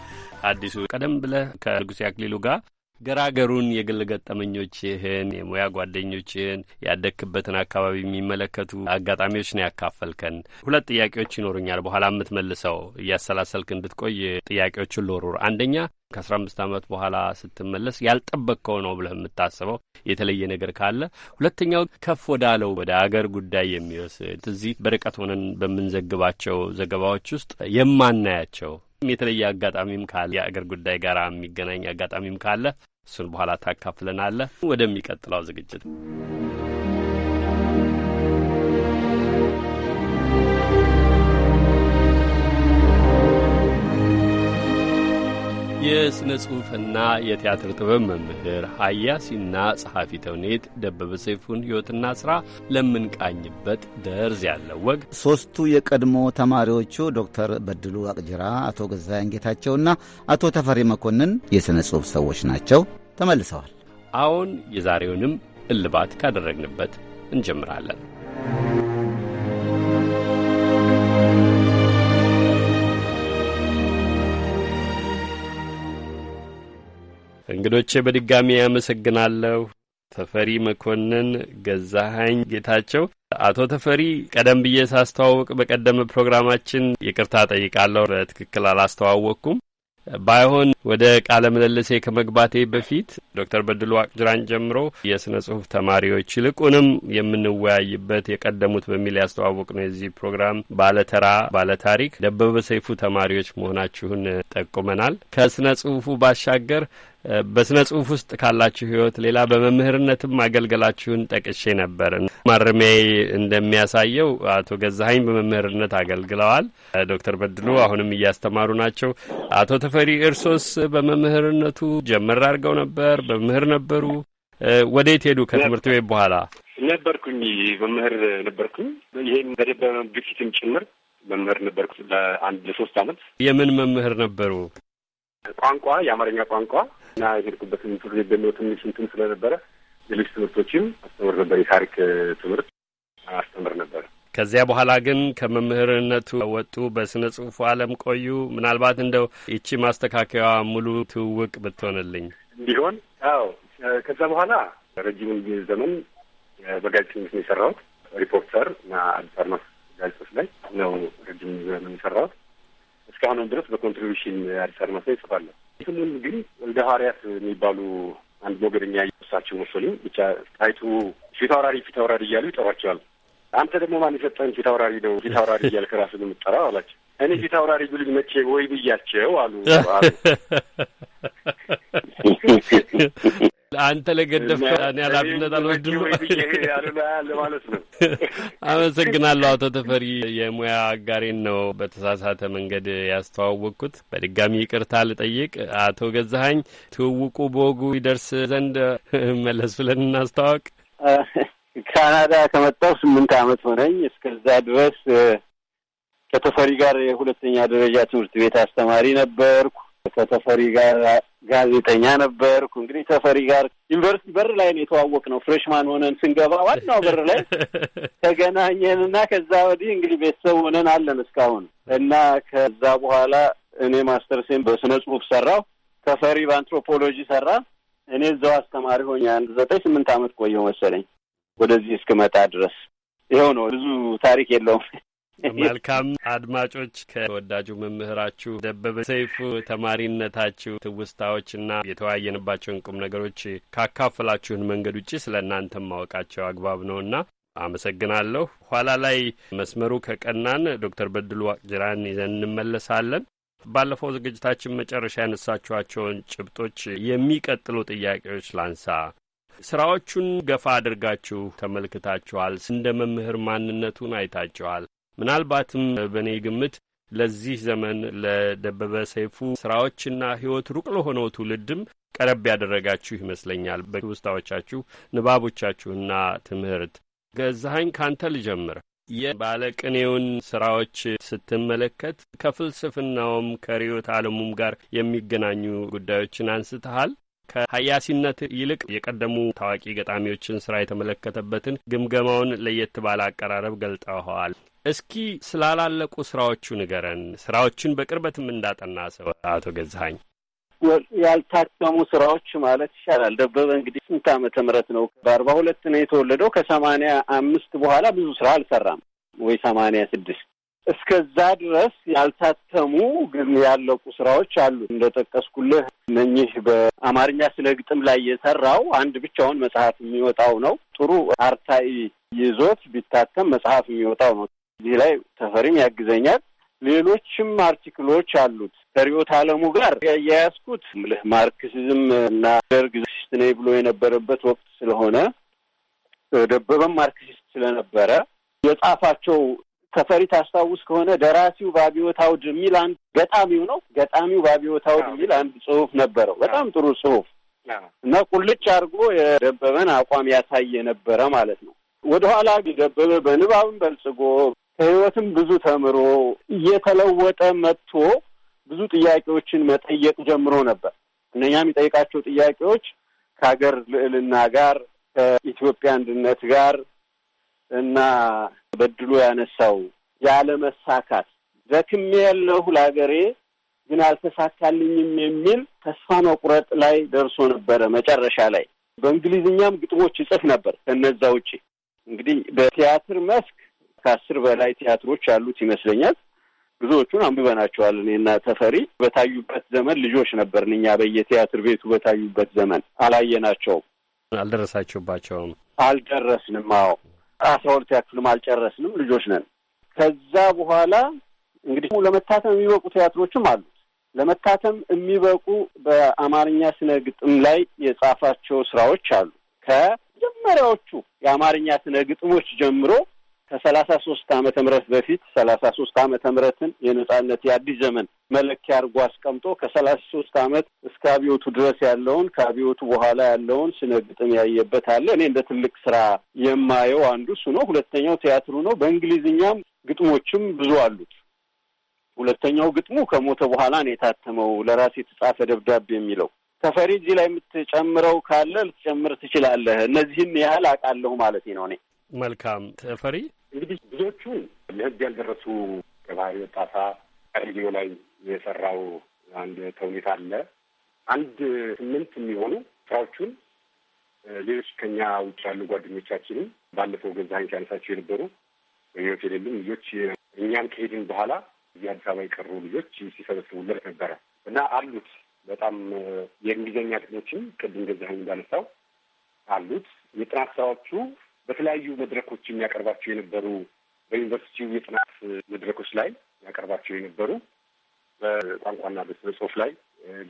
አዲሱ ቀደም ብለህ ከንጉሴ አክሊሉ ጋር ገራገሩን የግል ገጠመኞችህን፣ የሙያ ጓደኞችህን፣ ያደግክበትን አካባቢ የሚመለከቱ አጋጣሚዎች ነው ያካፈልከን። ሁለት ጥያቄዎች ይኖሩኛል። በኋላ የምትመልሰው እያሰላሰልክ እንድትቆይ ጥያቄዎችን ልወርውር። አንደኛ ከአስራ አምስት ዓመት በኋላ ስትመለስ ያልጠበቅከው ነው ብለህ የምታስበው የተለየ ነገር ካለ፣ ሁለተኛው ከፍ ወዳለው ወደ አገር ጉዳይ የሚወስድ እዚህ በርቀት ሆነን በምንዘግባቸው ዘገባዎች ውስጥ የማናያቸው የተለየ አጋጣሚም ካለ የአገር ጉዳይ ጋር የሚገናኝ አጋጣሚም ካለ እሱን በኋላ ታካፍለናለህ። ወደሚቀጥለው ዝግጅት የሥነ ጽሑፍና የቲያትር ጥበብ መምህር ሀያሲና ጸሐፊ ተውኔት ደበበ ሰይፉን ሕይወትና ሥራ ለምንቃኝበት ደርዝ ያለው ወግ ሦስቱ የቀድሞ ተማሪዎቹ ዶክተር በድሉ አቅጅራ፣ አቶ ገዛያን ጌታቸውና አቶ ተፈሪ መኮንን የሥነ ጽሑፍ ሰዎች ናቸው። ተመልሰዋል። አሁን የዛሬውንም እልባት ካደረግንበት እንጀምራለን። እንግዶቼ በድጋሚ ያመሰግናለሁ። ተፈሪ መኮንን፣ ገዛሀኝ ጌታቸው። አቶ ተፈሪ ቀደም ብዬ ሳስተዋወቅ በቀደመ ፕሮግራማችን ይቅርታ ጠይቃለሁ፣ በትክክል አላስተዋወቅኩም። ባይሆን ወደ ቃለ ምልልሴ ከመግባቴ በፊት ዶክተር በድሉ አቅጅራን ጀምሮ የሥነ ጽሑፍ ተማሪዎች ይልቁንም የምንወያይበት የቀደሙት በሚል ያስተዋወቅ ነው የዚህ ፕሮግራም ባለተራ ባለታሪክ ደበበ ሰይፉ ተማሪዎች መሆናችሁን ጠቁመናል። ከሥነ ጽሑፉ ባሻገር በስነ ጽሁፍ ውስጥ ካላችሁ ህይወት ሌላ በመምህርነትም አገልገላችሁን ጠቅሼ ነበር። ማረሚያዬ እንደሚያሳየው አቶ ገዛሀኝ በመምህርነት አገልግለዋል። ዶክተር በድሉ አሁንም እያስተማሩ ናቸው። አቶ ተፈሪ እርሶስ በመምህርነቱ ጀመር አድርገው ነበር? በመምህር ነበሩ? ወዴት ሄዱ ከትምህርት ቤት በኋላ? ነበርኩኝ መምህር ነበርኩኝ። ይህም በደበ ግፊትም ጭምር መምህር ነበርኩ ለአንድ ለሶስት አመት። የምን መምህር ነበሩ? ቋንቋ፣ የአማርኛ ቋንቋ እና የሄድኩበትን ትምህርት ቤት ደግሞ ትንሽ እንትን ስለነበረ ሌሎች ትምህርቶችም አስተምር ነበር። የታሪክ ትምህርት አስተምር ነበር። ከዚያ በኋላ ግን ከመምህርነቱ ወጡ፣ በስነ ጽሁፉ አለም ቆዩ። ምናልባት እንደው ይቺ ማስተካከያ ሙሉ ትውውቅ ብትሆንልኝ እንዲሆን። አዎ፣ ከዛ በኋላ ረጅሙን ዘመን በጋዜጠኝነት ነው የሰራሁት። ሪፖርተር እና አዲስ አድማስ ጋዜጦች ላይ ነው ረጅም ዘመን የሰራሁት። እስካሁንም ድረስ በኮንትሪቢሽን አዲስ አድማስ ላይ ይጽፋለሁ። ስሙን ግን እንደ ሀርያት የሚባሉ አንድ ሞገደኛ እሳቸው መሰሉ ብቻ ጣይቱ ፊት አውራሪ ፊት አውራሪ እያሉ ይጠሯቸዋል። አንተ ደግሞ ማን የሰጠን ፊት አውራሪ ነው ፊት አውራሪ እያልክ ራስህን የምጠራው አላቸው። እኔ ፊት አውራሪ ብሉኝ መቼ ወይ ብያቸው አሉ አሉ አንተ ለገደፍ እኔ ኃላፊነት አልወድም ነው። አመሰግናለሁ አቶ ተፈሪ የሙያ አጋሬን ነው በተሳሳተ መንገድ ያስተዋወቅኩት። በድጋሚ ይቅርታ ልጠይቅ። አቶ ገዛሀኝ ትውውቁ በወጉ ይደርስ ዘንድ መለስ ብለን እናስተዋወቅ። ካናዳ ከመጣሁ ስምንት አመት ሆነኝ። እስከዛ ድረስ ከተፈሪ ጋር የሁለተኛ ደረጃ ትምህርት ቤት አስተማሪ ነበርኩ። ከተፈሪ ጋር ጋዜጠኛ ነበርኩ። እንግዲህ ተፈሪ ጋር ዩኒቨርሲቲ በር ላይ ነው ነው። ፍሬሽማን ሆነን ስንገባ ዋናው በር ላይ ተገናኘን እና ከዛ ወዲህ እንግዲህ ቤተሰብ ሆነን አለን እስካሁን እና ከዛ በኋላ እኔ ማስተርሴን በስነ ጽሁፍ ሰራው፣ ተፈሪ በአንትሮፖሎጂ ሰራ። እኔ እዛው አስተማሪ ሆኜ አንድ ዘጠኝ ስምንት አመት ቆየው መሰለኝ ወደዚህ እስክመጣ ድረስ። ይኸው ነው ብዙ ታሪክ የለውም። መልካም አድማጮች፣ ከወዳጁ መምህራችሁ ደበበ ሰይፉ ተማሪነታችሁ ትውስታዎችና የተወያየንባቸውን ቁም ነገሮች ካካፈላችሁን መንገድ ውጭ ስለ እናንተም ማወቃቸው አግባብ ነውና አመሰግናለሁ። ኋላ ላይ መስመሩ ከቀናን ዶክተር በድሉ ዋቅጅራን ይዘን እንመለሳለን። ባለፈው ዝግጅታችን መጨረሻ ያነሳችኋቸውን ጭብጦች የሚቀጥሉ ጥያቄዎች ላንሳ። ስራዎቹን ገፋ አድርጋችሁ ተመልክታችኋል። እንደ መምህር ማንነቱን አይታችኋል። ምናልባትም በእኔ ግምት ለዚህ ዘመን ለደበበ ሰይፉ ስራዎችና ህይወት ሩቅ ለሆነው ትውልድም ቀረብ ያደረጋችሁ ይመስለኛል። በውስጣዎቻችሁ ንባቦቻችሁና ትምህርት ገዛኸኝ ካንተ ልጀምር። የባለቅኔውን ስራዎች ስትመለከት ከፍልስፍናውም ከርዕዮተ ዓለሙም ጋር የሚገናኙ ጉዳዮችን አንስተሃል። ከሀያሲነት ይልቅ የቀደሙ ታዋቂ ገጣሚዎችን ስራ የተመለከተበትን ግምገማውን ለየት ባለ አቀራረብ ገልጠኸዋል። እስኪ ስላላለቁ ስራዎቹ ንገረን። ስራዎቹን በቅርበትም እንዳጠና ሰው አቶ ገዛሀኝ ያልታተሙ ስራዎች ማለት ይቻላል። ደበበ እንግዲህ ስንት ዓመተ ምህረት ነው? በአርባ ሁለት ነው የተወለደው። ከሰማንያ አምስት በኋላ ብዙ ስራ አልሰራም ወይ ሰማንያ ስድስት እስከዛ ድረስ ያልታተሙ ግን ያለቁ ስራዎች አሉ። እንደጠቀስኩልህ እነኚህ በአማርኛ ስነ ግጥም ላይ የሰራው አንድ ብቻውን መጽሐፍ የሚወጣው ነው። ጥሩ አርታኢ ይዞት ቢታተም መጽሐፍ የሚወጣው ነው። እዚህ ላይ ተፈሪም ያግዘኛል። ሌሎችም አርቲክሎች አሉት ከርዕዮተ አለሙ ጋር ያያያዝኩት ምልህ ማርክሲዝም እና ደርግ ማርክሲስት ነኝ ብሎ የነበረበት ወቅት ስለሆነ ደበበም ማርክሲስት ስለነበረ የጻፋቸው ተፈሪ ታስታውስ ከሆነ ደራሲው በአብዮት አውድ የሚል አንድ ገጣሚው ነው ገጣሚው በአብዮት አውድ የሚል አንድ ጽሁፍ ነበረው። በጣም ጥሩ ጽሁፍ እና ቁልጭ አድርጎ የደበበን አቋም ያሳየ ነበረ ማለት ነው። ወደኋላ ደበበ በንባብም በልጽጎ ህይወትም ብዙ ተምሮ እየተለወጠ መጥቶ ብዙ ጥያቄዎችን መጠየቅ ጀምሮ ነበር። እነኛ የሚጠይቃቸው ጥያቄዎች ከሀገር ልዕልና ጋር ከኢትዮጵያ አንድነት ጋር እና በድሎ ያነሳው ያለመሳካት ደክሜ ያለሁ ለሀገሬ ግን አልተሳካልኝም የሚል ተስፋ መቁረጥ ላይ ደርሶ ነበረ። መጨረሻ ላይ በእንግሊዝኛም ግጥሞች ይጽፍ ነበር። ከነዛ ውጪ እንግዲህ በቲያትር መስክ ከአስር በላይ ቲያትሮች ያሉት ይመስለኛል። ብዙዎቹን አንብበናቸዋል። እኔና ተፈሪ በታዩበት ዘመን ልጆች ነበርን። እኛ በየቲያትር ቤቱ በታዩበት ዘመን አላየናቸውም፣ አልደረሳችሁባቸውም? አልደረስንም። አዎ አስራ ሁለት ክፍልም አልጨረስንም፣ ልጆች ነን። ከዛ በኋላ እንግዲህ ለመታተም የሚበቁ ቲያትሮችም አሉት። ለመታተም የሚበቁ በአማርኛ ስነ ግጥም ላይ የጻፋቸው ስራዎች አሉ። ከመጀመሪያዎቹ የአማርኛ ስነ ግጥሞች ጀምሮ ከሰላሳ ሶስት አመተ ምህረት በፊት ሰላሳ ሶስት አመተ ምህረትን የነጻነት የአዲስ ዘመን መለኪያ አድርጎ አስቀምጦ ከሰላሳ ሶስት ዓመት እስከ አብዮቱ ድረስ ያለውን ከአብዮቱ በኋላ ያለውን ስነ ግጥም ያየበት አለ። እኔ እንደ ትልቅ ስራ የማየው አንዱ እሱ ነው። ሁለተኛው ቲያትሩ ነው። በእንግሊዝኛም ግጥሞችም ብዙ አሉት። ሁለተኛው ግጥሙ ከሞተ በኋላ ነው የታተመው፣ ለራስ የተጻፈ ደብዳቤ የሚለው ተፈሪ እዚህ ላይ የምትጨምረው ካለ ልትጨምር ትችላለህ። እነዚህን ያህል አውቃለሁ ማለት ነው እኔ መልካም ተፈሪ፣ እንግዲህ ብዙዎቹ ለህግ ያልደረሱ ገባሪ ወጣሳ ሬዲዮ ላይ የሰራው አንድ ተውኔት አለ። አንድ ስምንት የሚሆኑ ስራዎቹን ሌሎች ከኛ ውጭ ያሉ ጓደኞቻችንም ባለፈው ገዛኸኝ ሲያነሳቸው የነበሩ በህይወት የሌሉም ልጆች እኛን ከሄድን በኋላ እዚህ አዲስ አበባ የቀሩ ልጆች ሲሰበስቡለት ነበረ እና አሉት በጣም የእንግሊዝኛ ጥቅሞችም ቅድም ገዛኸኝ እንዳነሳው አሉት የጥናት ስራዎቹ በተለያዩ መድረኮች የሚያቀርባቸው የነበሩ በዩኒቨርሲቲው የጥናት መድረኮች ላይ ያቀርባቸው የነበሩ በቋንቋና በስነ ጽሁፍ ላይ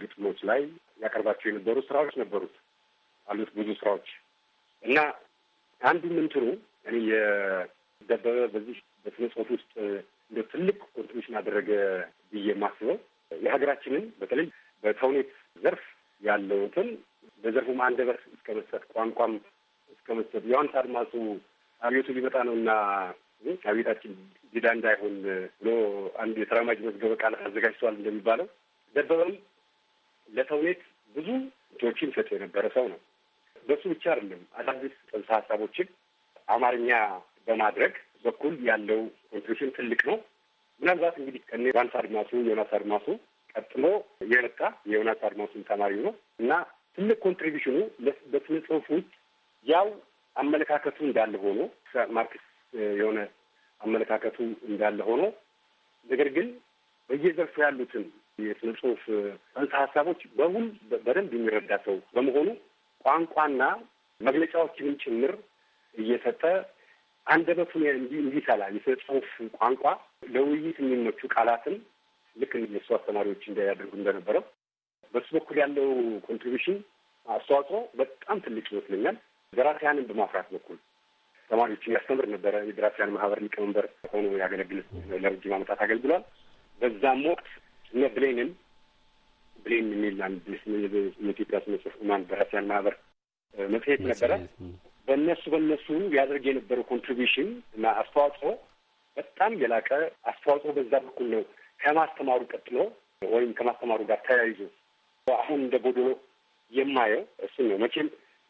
ግጥሞች ላይ ያቀርባቸው የነበሩ ስራዎች ነበሩት አሉት ብዙ ስራዎች እና አንዱ ምንትኑ እኔ የደበበ በዚህ በስነ ጽሁፍ ውስጥ እንደ ትልቅ ኮንትሪቢሽን አደረገ ብዬ የማስበው የሀገራችንን በተለይ በተውኔት ዘርፍ ያለውትን በዘርፉም አንደበት እስከ መስጠት ቋንቋም እስከ መስጠት ዮሐንስ አድማሱ አብዮቱ ሊመጣ ነው እና አብዮታችን ዲዳ እንዳይሆን ብሎ አንድ የተራማጅ መዝገበ ቃል አዘጋጅተዋል። እንደሚባለው ደበበም ለተውኔት ብዙ እጆችን ሰጥቶ የነበረ ሰው ነው። በሱ ብቻ አይደለም አዳዲስ ጽንሰ ሀሳቦችን አማርኛ በማድረግ በኩል ያለው ኮንትሪቢሽን ትልቅ ነው። ምናልባት እንግዲህ ከእነ ዮሐንስ አድማሱ ዮናስ አድማሱ ቀጥሎ የመጣ የዮናስ አድማሱን ተማሪ ነው እና ትልቅ ኮንትሪቢሽኑ በስነ ጽሁፍ ውስጥ ያው አመለካከቱ እንዳለ ሆኖ ማርክስ የሆነ አመለካከቱ እንዳለ ሆኖ ነገር ግን በየዘርፉ ያሉትን የስነ ጽሁፍ ጽንሰ ሀሳቦች በሁል በደንብ የሚረዳ ሰው በመሆኑ ቋንቋና መግለጫዎችንም ጭምር እየሰጠ አንደበቱን እንዲሰላ የስነ ጽሁፍ ቋንቋ ለውይይት የሚመቹ ቃላትን ልክ የእሱ አስተማሪዎች እንዳያደርጉ እንደነበረው በሱ በኩል ያለው ኮንትሪቢሽን አስተዋጽኦ በጣም ትልቅ ይመስለኛል። ደራሲያንን በማፍራት በኩል ተማሪዎችን ያስተምር ነበረ። የደራሲያን ማህበር ሊቀመንበር ሆኖ ያገለግል ለረጅም ዓመታት አገልግሏል። በዛም ወቅት እነ ብሌንን ብሌን የሚል አንድ የኢትዮጵያ ስነ ጽሑፍ ማን ደራሲያን ማህበር መጽሔት ነበረ። በእነሱ በእነሱ ያደርግ የነበረው ኮንትሪቢሽን እና አስተዋጽኦ በጣም የላቀ አስተዋጽኦ በዛ በኩል ነው። ከማስተማሩ ቀጥሎ ወይም ከማስተማሩ ጋር ተያይዞ አሁን እንደ ጎዶሎ የማየው እሱን ነው መቼም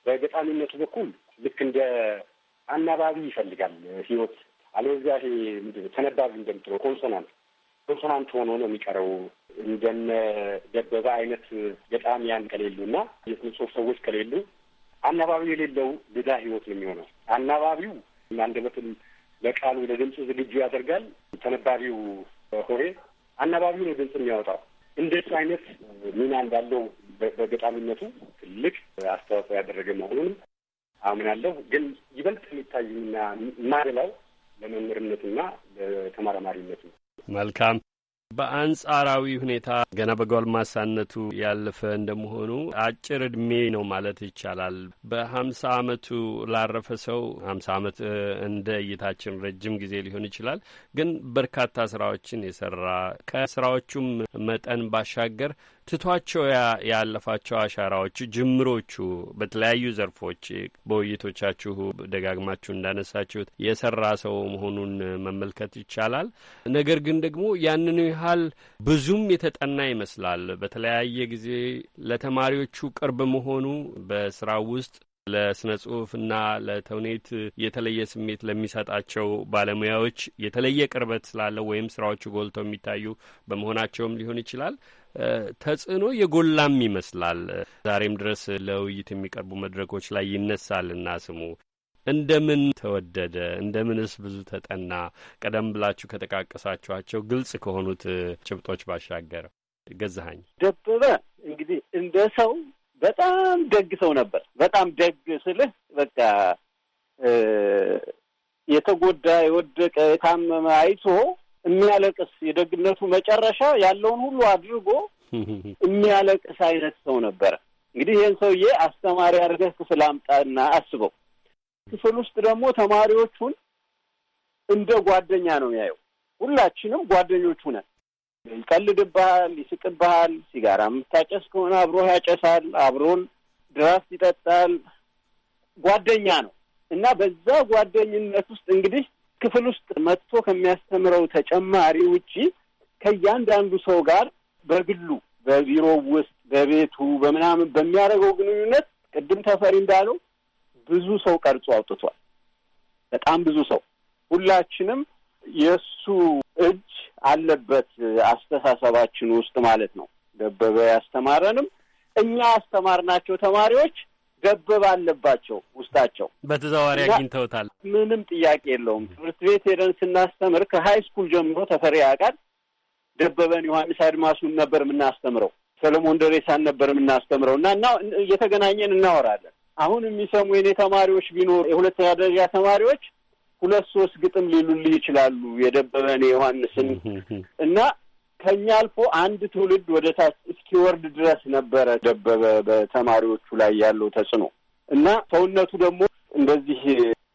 በገጣሚነቱ በኩል ልክ እንደ አናባቢ ይፈልጋል ህይወት። አለዚያ ተነባቢ እንደምትለው ኮንሶናንት ኮንሶናንት ሆኖ ነው የሚቀረው። እንደነ ደበበ አይነት ገጣሚያን ከሌሉ እና የስነ ጽሁፍ ሰዎች ከሌሉ አናባቢው የሌለው ብዛ ህይወት ነው የሚሆነው። አናባቢው አንደበትን ለቃሉ ለድምፅ ዝግጁ ያደርጋል። ተነባቢው ሆሄ አናባቢው ነው ድምፅ የሚያወጣው። እንደሱ አይነት ሚና እንዳለው በገጣሚነቱ ትልቅ አስተዋጽኦ ያደረገ መሆኑንም አምናለሁ። ግን ይበልጥ የሚታይና ማደላው ለመምህርነትና ለተመራማሪነት ነው። መልካም በአንጻራዊ ሁኔታ ገና በጎልማሳነቱ ያለፈ እንደመሆኑ አጭር እድሜ ነው ማለት ይቻላል። በሀምሳ አመቱ ላረፈ ሰው ሀምሳ አመት እንደ እይታችን ረጅም ጊዜ ሊሆን ይችላል። ግን በርካታ ስራዎችን የሰራ ከስራዎቹም መጠን ባሻገር ትቷቸው ያለፋቸው አሻራዎች፣ ጅምሮቹ በተለያዩ ዘርፎች በውይይቶቻችሁ ደጋግማችሁ እንዳነሳችሁት የሰራ ሰው መሆኑን መመልከት ይቻላል። ነገር ግን ደግሞ ያንኑ ያህል ብዙም የተጠና ይመስላል። በተለያየ ጊዜ ለተማሪዎቹ ቅርብ መሆኑ በስራው ውስጥ ለስነ ጽሁፍና ለተውኔት የተለየ ስሜት ለሚሰጣቸው ባለሙያዎች የተለየ ቅርበት ስላለው ወይም ስራዎቹ ጎልተው የሚታዩ በመሆናቸውም ሊሆን ይችላል። ተጽዕኖ የጎላም ይመስላል። ዛሬም ድረስ ለውይይት የሚቀርቡ መድረኮች ላይ ይነሳልና ስሙ እንደምን ተወደደ? እንደምንስ ብዙ ተጠና? ቀደም ብላችሁ ከጠቃቀሳችኋቸው ግልጽ ከሆኑት ጭብጦች ባሻገር ገዛሀኝ ደበበ እንግዲህ እንደ ሰው በጣም ደግ ሰው ነበር። በጣም ደግ ስልህ በቃ የተጎዳ የወደቀ የታመመ አይቶ የሚያለቅስ የደግነቱ መጨረሻ ያለውን ሁሉ አድርጎ የሚያለቅስ አይነት ሰው ነበረ። እንግዲህ ይህን ሰውዬ አስተማሪ አድርገህ ክፍል አምጣና አስበው። ክፍል ውስጥ ደግሞ ተማሪዎቹን እንደ ጓደኛ ነው የሚያየው። ሁላችንም ጓደኞቹ ነን። ይቀልድብሃል፣ ይስቅብሃል። ሲጋራ የምታጨስ ከሆነ አብሮህ ያጨሳል፣ አብሮን ድራስ ይጠጣል። ጓደኛ ነው እና በዛ ጓደኝነት ውስጥ እንግዲህ ክፍል ውስጥ መጥቶ ከሚያስተምረው ተጨማሪ ውጪ ከእያንዳንዱ ሰው ጋር በግሉ በቢሮው ውስጥ በቤቱ በምናምን በሚያደርገው ግንኙነት ቅድም ተፈሪ እንዳለው ብዙ ሰው ቀርጾ አውጥቷል። በጣም ብዙ ሰው ሁላችንም የእሱ እጅ አለበት አስተሳሰባችን ውስጥ ማለት ነው። ደበበ ያስተማረንም እኛ ያስተማርናቸው ተማሪዎች ገበብ አለባቸው ውስጣቸው በተዘዋዋሪ አግኝተውታል። ምንም ጥያቄ የለውም። ትምህርት ቤት ሄደን ስናስተምር ከሀይ ስኩል ጀምሮ ተፈሪ ያውቃል። ደበበን ዮሐንስ አድማሱን ነበር የምናስተምረው፣ ሰለሞን ደሬሳን ነበር የምናስተምረው እና እና እየተገናኘን እናወራለን። አሁን የሚሰሙ የኔ ተማሪዎች ቢኖር የሁለተኛ ደረጃ ተማሪዎች ሁለት ሶስት ግጥም ሊሉልህ ይችላሉ የደበበን የዮሐንስን እና ከኛ አልፎ አንድ ትውልድ ወደ ታች እስኪወርድ ድረስ ነበረ ደበበ በተማሪዎቹ ላይ ያለው ተጽዕኖ እና ሰውነቱ ደግሞ እንደዚህ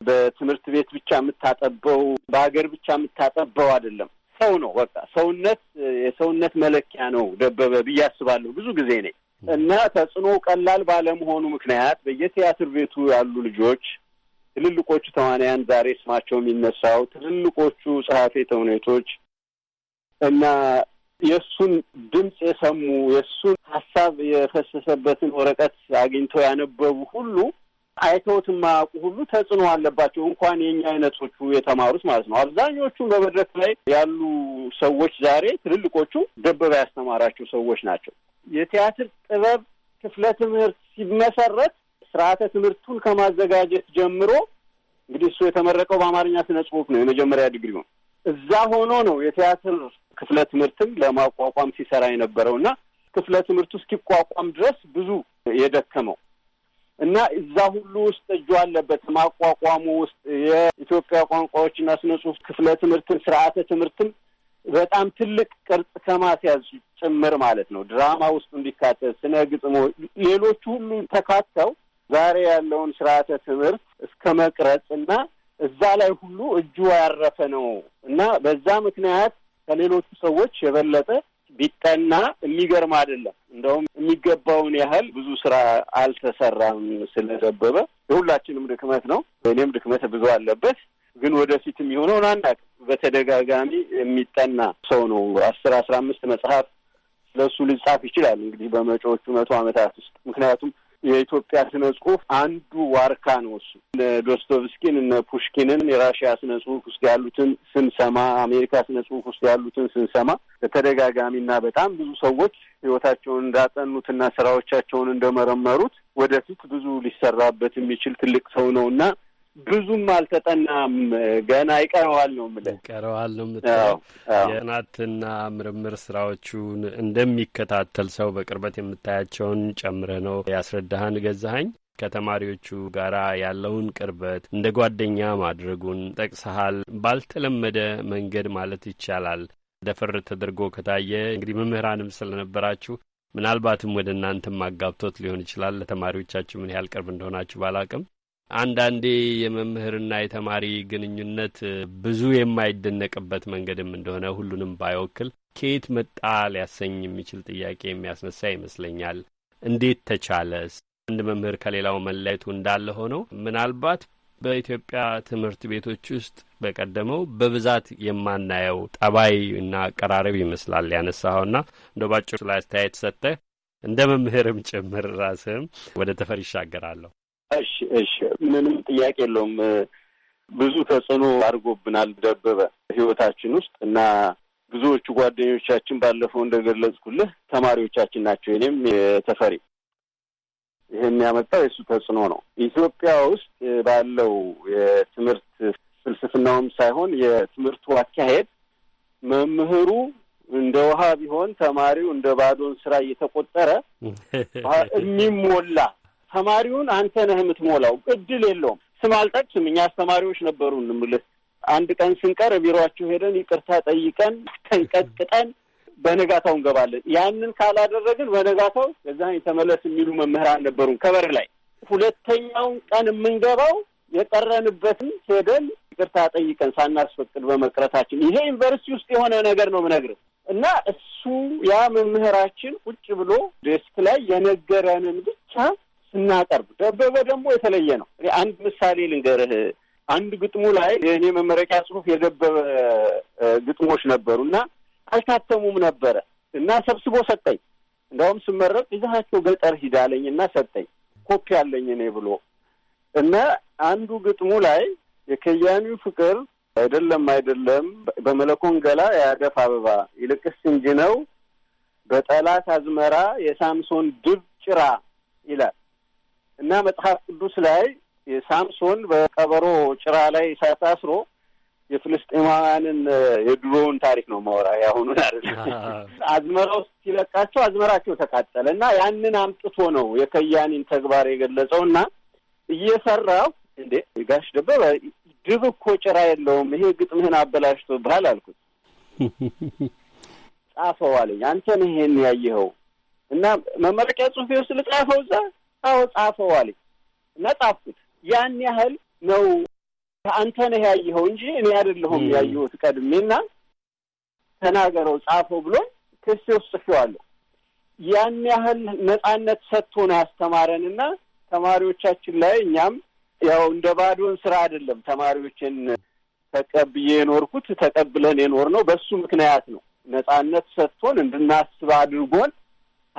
በትምህርት ቤት ብቻ የምታጠበው በሀገር ብቻ የምታጠበው አይደለም። ሰው ነው በቃ ሰውነት የሰውነት መለኪያ ነው ደበበ ብዬ አስባለሁ ብዙ ጊዜ እኔ እና ተጽዕኖ ቀላል ባለመሆኑ ምክንያት በየቲያትር ቤቱ ያሉ ልጆች ትልልቆቹ ተዋንያን ዛሬ ስማቸው የሚነሳው ትልልቆቹ ጸሐፌ ተውኔቶች እና የእሱን ድምፅ የሰሙ የእሱን ሀሳብ የፈሰሰበትን ወረቀት አግኝቶ ያነበቡ ሁሉ አይተውት የማያውቁ ሁሉ ተጽዕኖ አለባቸው። እንኳን የኛ አይነቶቹ የተማሩት ማለት ነው። አብዛኞቹም በመድረክ ላይ ያሉ ሰዎች ዛሬ ትልልቆቹ ደበበ ያስተማራቸው ሰዎች ናቸው። የቲያትር ጥበብ ክፍለ ትምህርት ሲመሰረት ስርዓተ ትምህርቱን ከማዘጋጀት ጀምሮ እንግዲህ እሱ የተመረቀው በአማርኛ ስነ ጽሁፍ ነው። የመጀመሪያ ዲግሪ ነው። እዛ ሆኖ ነው የቲያትር ክፍለ ትምህርትን ለማቋቋም ሲሰራ የነበረው እና ክፍለ ትምህርቱ እስኪቋቋም ድረስ ብዙ የደከመው እና እዛ ሁሉ ውስጥ እጁ አለበት። ማቋቋሙ ውስጥ የኢትዮጵያ ቋንቋዎችና ስነ ጽሁፍ ክፍለ ትምህርትን ስርዓተ ትምህርትም በጣም ትልቅ ቅርጽ ከማስያዝ ጭምር ማለት ነው። ድራማ ውስጥ እንዲካተት ስነ ግጥሞ፣ ሌሎቹ ሁሉ ተካተው ዛሬ ያለውን ስርዓተ ትምህርት እስከ መቅረጽ እና እዛ ላይ ሁሉ እጁ ያረፈ ነው እና በዛ ምክንያት ከሌሎቹ ሰዎች የበለጠ ቢጠና የሚገርም አይደለም። እንደውም የሚገባውን ያህል ብዙ ስራ አልተሰራም ስለደበበ የሁላችንም ድክመት ነው። እኔም ድክመት ብዙ አለበት። ግን ወደፊት የሚሆነውን አናውቅም። በተደጋጋሚ የሚጠና ሰው ነው። አስር አስራ አምስት መጽሐፍ ስለሱ ልጻፍ ይችላል እንግዲህ በመጪዎቹ መቶ ዓመታት ውስጥ ምክንያቱም የኢትዮጵያ ስነ ጽሁፍ አንዱ ዋርካ ነው። እሱ ዶስቶቭስኪን እነ ፑሽኪንን የራሽያ ስነ ጽሁፍ ውስጥ ያሉትን ስንሰማ፣ አሜሪካ ስነ ጽሁፍ ውስጥ ያሉትን ስንሰማ በተደጋጋሚና በጣም ብዙ ሰዎች ህይወታቸውን እንዳጠኑትና ስራዎቻቸውን እንደመረመሩት ወደፊት ብዙ ሊሰራበት የሚችል ትልቅ ሰው ነው እና ብዙም አልተጠናም። ገና ይቀረዋል ነው የምልህ፣ ይቀረዋል ነው የምትለው። የጥናትና ምርምር ስራዎቹን እንደሚከታተል ሰው በቅርበት የምታያቸውን ጨምረህ ነው ያስረዳህን ገዛኸኝ። ከተማሪዎቹ ጋር ያለውን ቅርበት እንደ ጓደኛ ማድረጉን ጠቅሰሃል። ባልተለመደ መንገድ ማለት ይቻላል ደፈር ተደርጎ ከታየ እንግዲህ መምህራንም ስለነበራችሁ ምናልባትም ወደ እናንተም አጋብቶት ሊሆን ይችላል። ለተማሪዎቻችሁ ምን ያህል ቅርብ እንደሆናችሁ ባላቅም አንዳንዴ የመምህርና የተማሪ ግንኙነት ብዙ የማይደነቅበት መንገድም እንደሆነ ሁሉንም ባይወክል ከየት መጣ ሊያሰኝ የሚችል ጥያቄ የሚያስነሳ ይመስለኛል። እንዴት ተቻለስ? አንድ መምህር ከሌላው መለየቱ እንዳለ ሆነው ምናልባት በኢትዮጵያ ትምህርት ቤቶች ውስጥ በቀደመው በብዛት የማናየው ጠባይ እና አቀራረብ ይመስላል ያነሳኸውና እንደ ባጭሩ ላይ አስተያየት ሰጠህ እንደ መምህርም ጭምር ራስህም ወደ ተፈር ይሻገራለሁ። እሺ፣ እሺ፣ ምንም ጥያቄ የለውም። ብዙ ተጽዕኖ አድርጎብናል ደበበ ህይወታችን ውስጥ እና ብዙዎቹ ጓደኞቻችን ባለፈው እንደገለጽኩልህ ተማሪዎቻችን ናቸው። እኔም የተፈሪ ይህን ያመጣው የእሱ ተጽዕኖ ነው። ኢትዮጵያ ውስጥ ባለው የትምህርት ፍልስፍናውም ሳይሆን የትምህርቱ አካሄድ መምህሩ እንደ ውሃ ቢሆን ተማሪው እንደ ባዶን ስራ እየተቆጠረ የሚሞላ ተማሪውን አንተ ነህ የምትሞላው። እድል የለውም። ስም አልጠቅስም። እኛ አስተማሪዎች ነበሩ እንምልህ አንድ ቀን ስንቀር ቢሮችሁ ሄደን ይቅርታ ጠይቀን ተንቀጥቅጠን በነጋታው እንገባለን። ያንን ካላደረግን በነጋታው ከዛ የተመለስ የሚሉ መምህራን ነበሩን ከበር ላይ። ሁለተኛውን ቀን የምንገባው የቀረንበትን ሄደን ይቅርታ ጠይቀን ሳናስፈቅድ በመቅረታችን። ይሄ ዩኒቨርሲቲ ውስጥ የሆነ ነገር ነው የምነግርህ እና እሱ ያ መምህራችን ቁጭ ብሎ ዴስክ ላይ የነገረንን ብቻ ስናቀርብ ደበበ ደግሞ የተለየ ነው። አንድ ምሳሌ ልንገርህ። አንድ ግጥሙ ላይ የእኔ መመረቂያ ጽሑፍ የደበበ ግጥሞች ነበሩ እና አልታተሙም ነበረ እና ሰብስቦ ሰጠኝ። እንዳውም ስመረቅ ይዛቸው ገጠር ሂዳለኝ እና ሰጠኝ ኮፒ አለኝ እኔ ብሎ እና አንዱ ግጥሙ ላይ የከያኒው ፍቅር አይደለም አይደለም በመለኮን ገላ የአደፍ አበባ ይልቅስ እንጂ ነው በጠላት አዝመራ የሳምሶን ድብ ጭራ ይላል እና መጽሐፍ ቅዱስ ላይ የሳምሶን በቀበሮ ጭራ ላይ እሳት አስሮ የፍልስጤማውያንን የድሮውን ታሪክ ነው ማወራ ያሁኑን አለ አዝመራው ሲለቃቸው አዝመራቸው ተቃጠለ እና ያንን አምጥቶ ነው የከያኒን ተግባር የገለጸው እና እየሰራው እንዴ ጋሽ ደበበ ድብ እኮ ጭራ የለውም ይሄ ግጥምህን አበላሽቶ ብሃል አልኩት ጻፈው አለኝ አንተን ይሄን ያየኸው እና መመረቂያ ጽሁፌ ውስጥ ልጻፈው እዛ አዎ ጻፈው አለኝ እና ጻፍኩት። ያን ያህል ነው አንተ ነህ ያየኸው እንጂ እኔ አይደለሁም ያየሁት ቀድሜና ተናገረው ጻፈው ብሎ ክስ ውስጥ ጽፌዋለሁ። ያን ያህል ነጻነት ሰጥቶን ያስተማረንና ተማሪዎቻችን ላይ እኛም ያው እንደ ባዶን ስራ አይደለም ተማሪዎችን ተቀብዬ የኖርኩት ተቀብለን የኖር ነው። በሱ ምክንያት ነው ነጻነት ሰጥቶን እንድናስብ አድርጎን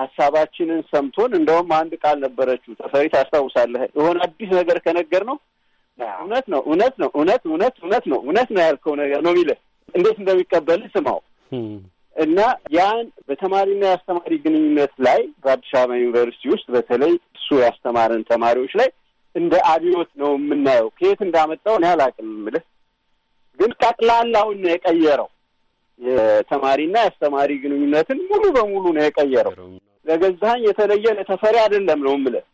ሀሳባችንን ሰምቶን እንደውም አንድ ቃል ነበረችው ተፈሪ ታስታውሳለህ? የሆነ አዲስ ነገር ከነገር ነው እውነት ነው እውነት ነው እውነት እውነት እውነት ነው እውነት ነው ያልከው ነገር ነው የሚልህ እንዴት እንደሚቀበልህ ስማው እና ያን በተማሪና የአስተማሪ ግንኙነት ላይ በአዲስ አበባ ዩኒቨርሲቲ ውስጥ በተለይ እሱ ያስተማረን ተማሪዎች ላይ እንደ አብዮት ነው የምናየው። ከየት እንዳመጣው እኔ አላውቅም የምልህ ግን ጠቅላላውን ነው የቀየረው። የተማሪና የአስተማሪ ግንኙነትን ሙሉ በሙሉ ነው የቀየረው። ለገዛኸኝ የተለየ ለተፈሪ አይደለም ነው የምልህ።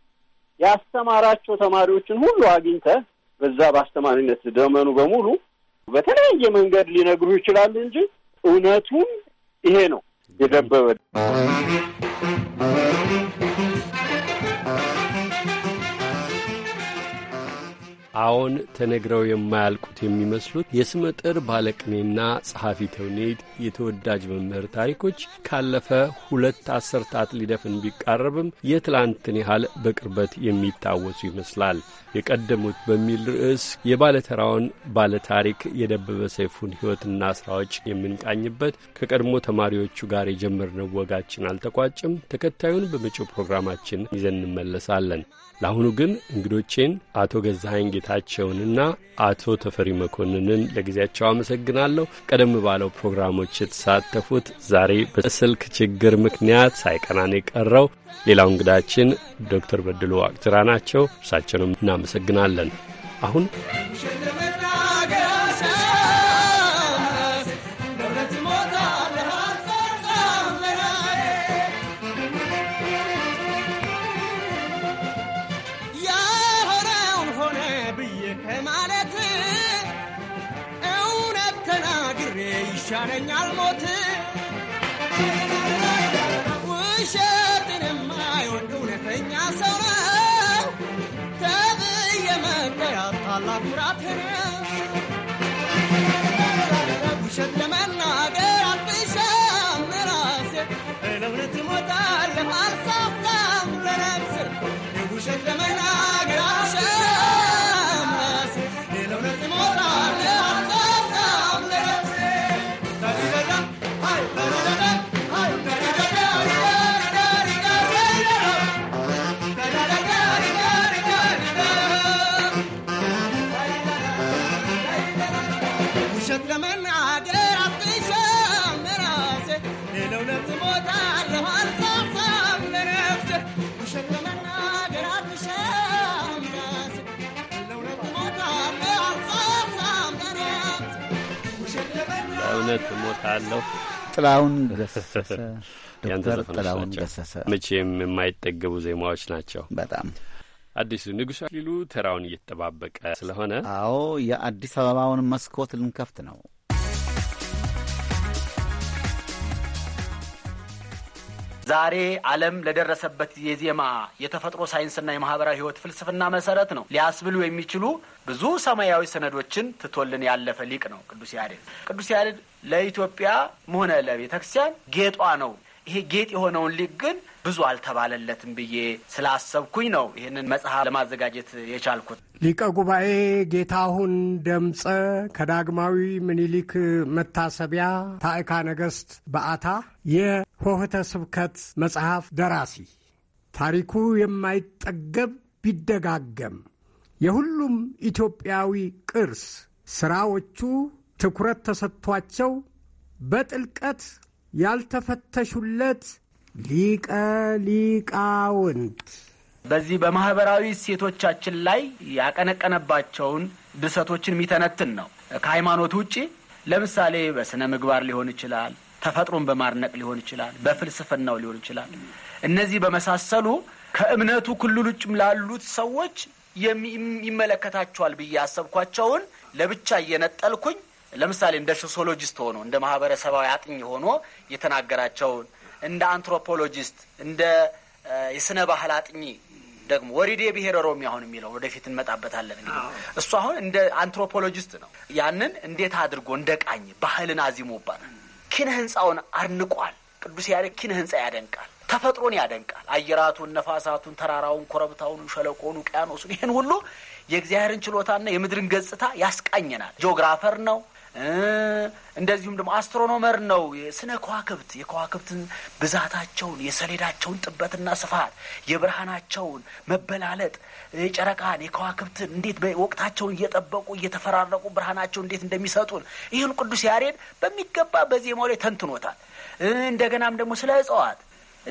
ያስተማራቸው ተማሪዎችን ሁሉ አግኝተህ በዛ በአስተማሪነት ዘመኑ በሙሉ በተለያየ መንገድ ሊነግሩ ይችላሉ እንጂ እውነቱን ይሄ ነው የደበበ አዎን ተነግረው የማያልቁት የሚመስሉት የስመጥር ባለቅኔና ጸሐፊ ተውኔት የተወዳጅ መምህር ታሪኮች ካለፈ ሁለት አሰርታት ሊደፍን ቢቃረብም የትላንትን ያህል በቅርበት የሚታወሱ ይመስላል። የቀደሙት በሚል ርዕስ የባለተራውን ባለታሪክ የደበበ ሰይፉን ሕይወትና ሥራዎች የምንቃኝበት ከቀድሞ ተማሪዎቹ ጋር የጀመርነው ወጋችን አልተቋጭም። ተከታዩን በመጪው ፕሮግራማችን ይዘን እንመለሳለን። ለአሁኑ ግን እንግዶቼን አቶ ገዛሀኝ ጌታቸውንና አቶ ተፈሪ መኮንንን ለጊዜያቸው አመሰግናለሁ። ቀደም ባለው ፕሮግራሞች የተሳተፉት ዛሬ በስልክ ችግር ምክንያት ሳይቀናን የቀረው ሌላው እንግዳችን ዶክተር በድሉ ዋቅጅራ ናቸው። እርሳቸውንም እናመሰግናለን። አሁን አለሁ። ጥላሁን ገሰሰ ዶክተር ጥላሁን ገሰሰ መቼም የማይጠገቡ ዜማዎች ናቸው። በጣም አዲሱ ንጉሥ አክሊሉ ተራውን እየተጠባበቀ ስለሆነ፣ አዎ የአዲስ አበባውን መስኮት ልንከፍት ነው። ዛሬ ዓለም ለደረሰበት የዜማ የተፈጥሮ ሳይንስና የማህበራዊ ህይወት ፍልስፍና መሰረት ነው ሊያስብሉ የሚችሉ ብዙ ሰማያዊ ሰነዶችን ትቶልን ያለፈ ሊቅ ነው ቅዱስ ያሬድ። ቅዱስ ያሬድ ለኢትዮጵያም ሆነ ለቤተ ክርስቲያን ጌጧ ነው። ይሄ ጌጥ የሆነውን ሊቅ ግን ብዙ አልተባለለትም ብዬ ስላሰብኩኝ ነው ይህንን መጽሐፍ ለማዘጋጀት የቻልኩት። ሊቀ ጉባኤ ጌታሁን ደምፀ ከዳግማዊ ምኒሊክ መታሰቢያ ታዕካ ነገሥት በአታ የሆህተ ስብከት መጽሐፍ ደራሲ። ታሪኩ የማይጠገብ ቢደጋገም የሁሉም ኢትዮጵያዊ ቅርስ ስራዎቹ ትኩረት ተሰጥቷቸው በጥልቀት ያልተፈተሹለት ሊቀ ሊቃውንት በዚህ በማህበራዊ እሴቶቻችን ላይ ያቀነቀነባቸውን ድሰቶችን የሚተነትን ነው። ከሃይማኖት ውጪ ለምሳሌ በስነ ምግባር ሊሆን ይችላል፣ ተፈጥሮን በማድነቅ ሊሆን ይችላል፣ በፍልስፍናው ሊሆን ይችላል። እነዚህ በመሳሰሉ ከእምነቱ ክልል ውጭም ላሉት ሰዎች ይመለከታቸዋል ብዬ ያሰብኳቸውን ለብቻ እየነጠልኩኝ ለምሳሌ እንደ ሶሲዮሎጂስት ሆኖ እንደ ማህበረሰባዊ አጥኝ ሆኖ የተናገራቸውን እንደ አንትሮፖሎጂስት እንደ የስነ ባህል አጥኚ ደግሞ ወሪዴ ብሔረ ኦሮሚያ አሁን የሚለው ወደፊት እንመጣበታለን። እንግዲህ እሱ አሁን እንደ አንትሮፖሎጂስት ነው። ያንን እንዴት አድርጎ እንደ ቃኝ ባህልን አዚሞባት ኪነ ህንፃውን አድንቋል። ቅዱስ ያሬድ ኪነ ህንፃ ያደንቃል። ተፈጥሮን ያደንቃል። አየራቱን፣ ነፋሳቱን፣ ተራራውን፣ ኮረብታውን፣ ሸለቆን፣ ውቅያኖሱን ይህን ሁሉ የእግዚአብሔርን ችሎታና የምድርን ገጽታ ያስቃኘናል። ጂኦግራፈር ነው። እንደዚሁም ደግሞ አስትሮኖመር ነው። ስነ ከዋክብት የከዋክብትን ብዛታቸውን፣ የሰሌዳቸውን ጥበትና ስፋት፣ የብርሃናቸውን መበላለጥ፣ የጨረቃን የከዋክብትን እንዴት ወቅታቸውን እየጠበቁ እየተፈራረቁ ብርሃናቸውን እንዴት እንደሚሰጡን ይህን ቅዱስ ያሬድ በሚገባ በዜማው ላይ ተንትኖታል። እንደገናም ደግሞ ስለ እጽዋት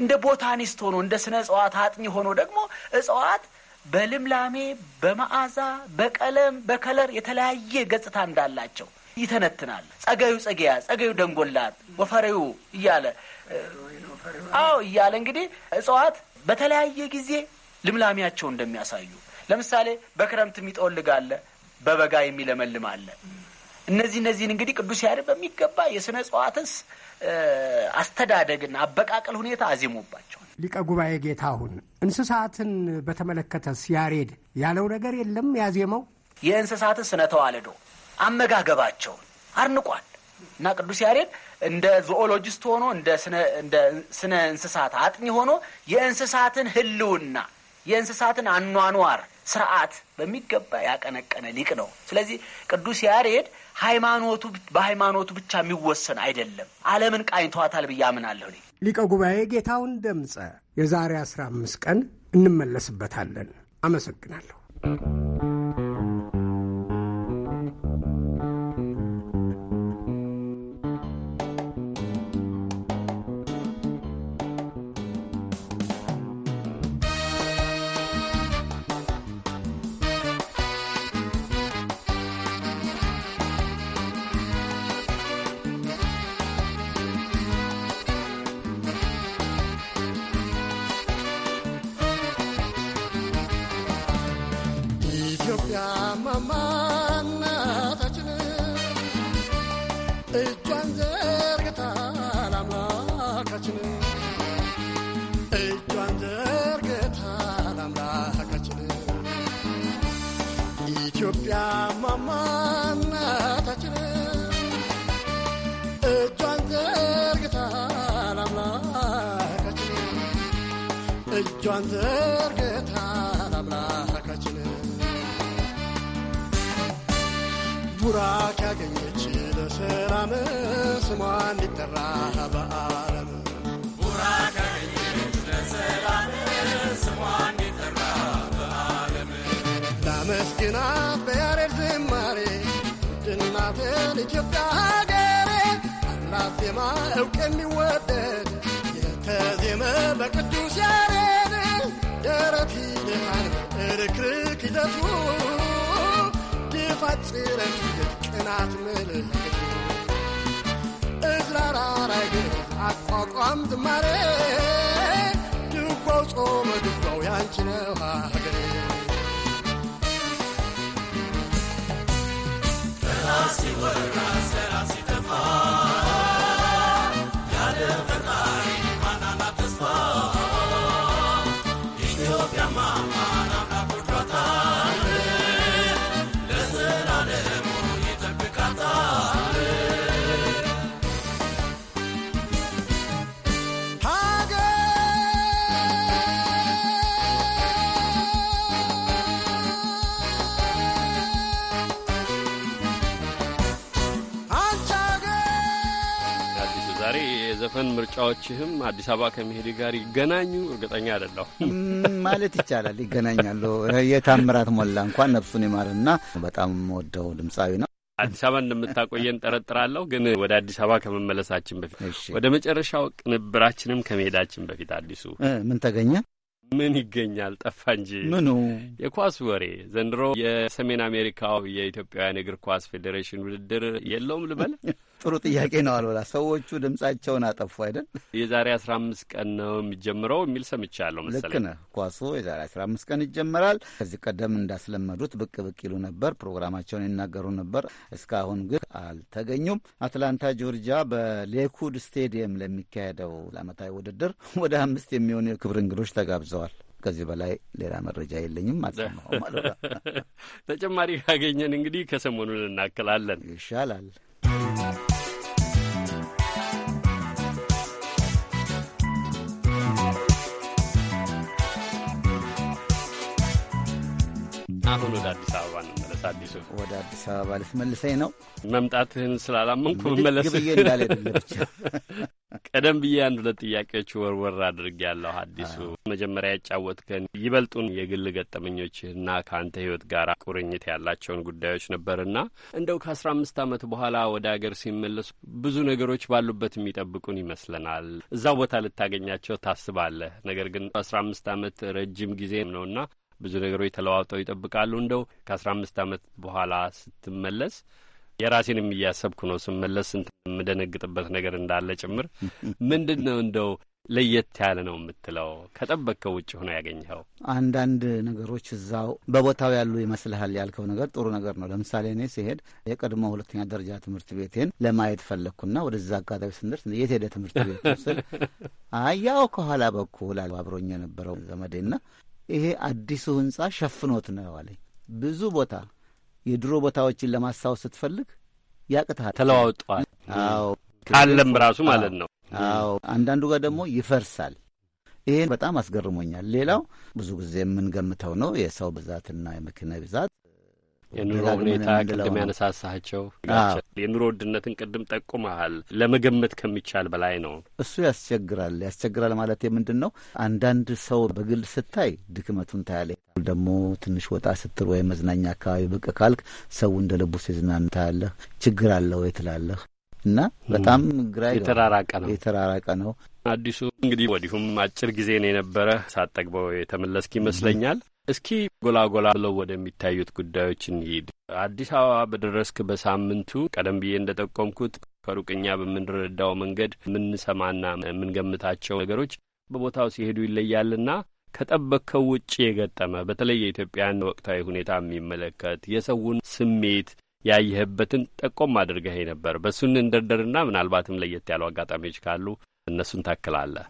እንደ ቦታኒስት ሆኖ እንደ ስነ እጽዋት አጥኚ ሆኖ ደግሞ እጽዋት በልምላሜ በመዓዛ በቀለም በከለር የተለያየ ገጽታ እንዳላቸው ይተነትናል። ጸገዩ ጸገያ፣ ጸገዩ ደንጎላት፣ ወፈሬው እያለ አዎ እያለ እንግዲህ እጽዋት በተለያየ ጊዜ ልምላሚያቸው እንደሚያሳዩ ለምሳሌ በክረምት የሚጠወልጋለ በበጋ የሚለመልም አለ። እነዚህ እነዚህን እንግዲህ ቅዱስ ያሬድ በሚገባ የሥነ እጽዋትስ አስተዳደግና አበቃቀል ሁኔታ አዜሞባቸዋል። ሊቀ ጉባኤ ጌታሁን እንስሳትን በተመለከተስ ያሬድ ያለው ነገር የለም ያዜመው የእንስሳትን ስነ ተዋልዶ አመጋገባቸውን አድንቋል እና ቅዱስ ያሬድ እንደ ዞኦሎጂስት ሆኖ እንደ ስነ እንስሳት አጥኚ ሆኖ የእንስሳትን ህልውና የእንስሳትን አኗኗር ስርዓት በሚገባ ያቀነቀነ ሊቅ ነው። ስለዚህ ቅዱስ ያሬድ ሃይማኖቱ በሃይማኖቱ ብቻ የሚወሰን አይደለም። ዓለምን ቃኝቷታል ብዬ አምናለሁ። ሊቀ ጉባኤ ጌታውን ደምጸ የዛሬ አስራ አምስት ቀን እንመለስበታለን። አመሰግናለሁ። ማማናታችንን እጇን ዘርግታ ላምላካችን እጇን ቡራክ ያገኘች ለሰላም ስሟ እንዲጠራ በዓለም ቡራክ ያገኘች ለሰላም ምስኪና በያሬድ ዝማሬ ውድናትን ኢትዮጵያ ሀገሬ አላት ዜማ እውቅ የሚወደድ የተዜመ በቅዱስ ያሬድ ደረት ይልሃል እርክርክ ይዘቱ ግፋጭረት ቅናት ምልክቱ እዝራራራይ አቋቋም ዝማሬ ድጓው ጾመ ድጓው ያንቺ ነው Lord. ቀን ምርጫዎችህም አዲስ አበባ ከመሄድ ጋር ይገናኙ እርግጠኛ አይደለሁ ማለት ይቻላል። ይገናኛሉ። የታምራት ሞላ እንኳን ነፍሱን ይማርና በጣም ወደው ድምፃዊ ነው። አዲስ አበባ እንደምታቆየን ጠረጥራለሁ። ግን ወደ አዲስ አበባ ከመመለሳችን በፊት ወደ መጨረሻው ቅንብራችንም ከመሄዳችን በፊት አዲሱ ምን ተገኘ? ምን ይገኛል? ጠፋ እንጂ ምኑ የኳስ ወሬ ዘንድሮ የሰሜን አሜሪካው የኢትዮጵያውያን እግር ኳስ ፌዴሬሽን ውድድር የለውም ልበል ጥሩ ጥያቄ ነው አልበላ። ሰዎቹ ድምጻቸውን አጠፉ አይደል? የዛሬ አስራ አምስት ቀን ነው የሚጀምረው የሚል ሰምቻለሁ መሰለኝ። ልክ ነህ። ኳሱ የዛሬ አስራ አምስት ቀን ይጀምራል። ከዚህ ቀደም እንዳስለመዱት ብቅ ብቅ ይሉ ነበር፣ ፕሮግራማቸውን ይናገሩ ነበር። እስካሁን ግን አልተገኙም። አትላንታ ጆርጂያ በሌኩድ ስቴዲየም ለሚካሄደው ዓመታዊ ውድድር ወደ አምስት የሚሆኑ የክብር እንግዶች ተጋብዘዋል። ከዚህ በላይ ሌላ መረጃ የለኝም። አልሰማሁ ተጨማሪ ካገኘን እንግዲህ ከሰሞኑን እናክላለን ይሻላል። አሁን ወደ አዲስ አበባ እንመለስ። አዲሱ ወደ አዲስ አበባ ልትመልሰኝ ነው? መምጣትህን ስላላመንኩ መለስ ብዬ እንዳልሄድልህ ቀደም ብዬ አንድ ሁለት ጥያቄዎች ወርወር አድርግ ያለሁ አዲሱ መጀመሪያ ያጫወትከን ይበልጡን የግል ገጠመኞችህና ከአንተ ህይወት ጋር ቁርኝት ያላቸውን ጉዳዮች ነበርና እንደው ከአስራ አምስት ዓመት በኋላ ወደ አገር ሲመለሱ ብዙ ነገሮች ባሉበት የሚጠብቁን ይመስለናል። እዛ ቦታ ልታገኛቸው ታስባለህ። ነገር ግን አስራ አምስት ዓመት ረጅም ጊዜ ነውና ብዙ ነገሮች ተለዋውጠው ይጠብቃሉ። እንደው ከአስራ አምስት አመት በኋላ ስትመለስ የራሴንም እያሰብኩ ነው ስመለስ ስንት የምደነግጥበት ነገር እንዳለ ጭምር ምንድን ነው እንደው ለየት ያለ ነው የምትለው ከጠበቅከው ውጭ ሆነ ያገኘኸው አንዳንድ ነገሮች እዛው በቦታው ያሉ ይመስልሃል ያልከው ነገር ጥሩ ነገር ነው። ለምሳሌ እኔ ሲሄድ የቀድሞ ሁለተኛ ደረጃ ትምህርት ቤቴን ለማየት ፈለግኩና ወደዛ አጋጣሚ ስንደርስ የት ሄደ ትምህርት ቤት ስል አያው ከኋላ በኩል አብሮኝ የነበረው ዘመዴና ይሄ አዲሱ ህንጻ ሸፍኖት ነው አለኝ። ብዙ ቦታ የድሮ ቦታዎችን ለማስታወስ ስትፈልግ ያቅታል፣ ተለዋውጧል። አዎ ቃለም ራሱ ማለት ነው። አዎ አንዳንዱ ጋር ደግሞ ይፈርሳል። ይሄን በጣም አስገርሞኛል። ሌላው ብዙ ጊዜ የምንገምተው ነው የሰው ብዛትና የመኪና ብዛት የኑሮ ሁኔታ ቅድም ያነሳሳቸው የኑሮ ውድነትን ቅድም ጠቁመሃል። ለመገመት ከሚቻል በላይ ነው። እሱ ያስቸግራል። ያስቸግራል ማለት የምንድን ነው? አንዳንድ ሰው በግል ስታይ ድክመቱን ታያለ። ደግሞ ትንሽ ወጣ ስትል ወይም መዝናኛ አካባቢ ብቅ ካልክ ሰው እንደ ልቡ ሲዝናና ታያለህ። ችግር አለ ወይ ትላለህ። እና በጣም ግራ የተራራቀ ነው የተራራቀ ነው። አዲሱ እንግዲህ ወዲሁም አጭር ጊዜ ነው የነበረ ሳጠግበው የተመለስክ ይመስለኛል። እስኪ ጎላጎላ ብለው ወደሚታዩት ጉዳዮች እንሂድ። አዲስ አበባ በደረስክ በሳምንቱ ቀደም ብዬ እንደ ጠቆምኩት ከሩቅኛ በምንረዳው መንገድ የምንሰማና የምንገምታቸው ነገሮች በቦታው ሲሄዱ ይለያልና ከጠበቅከው ውጭ የገጠመ በተለይ የኢትዮጵያን ወቅታዊ ሁኔታ የሚመለከት የሰውን ስሜት ያየህበትን ጠቆም አድርገህ ነበር። በእሱን እንደርደርና ምናልባትም ለየት ያሉ አጋጣሚዎች ካሉ እነሱን ታክላለህ።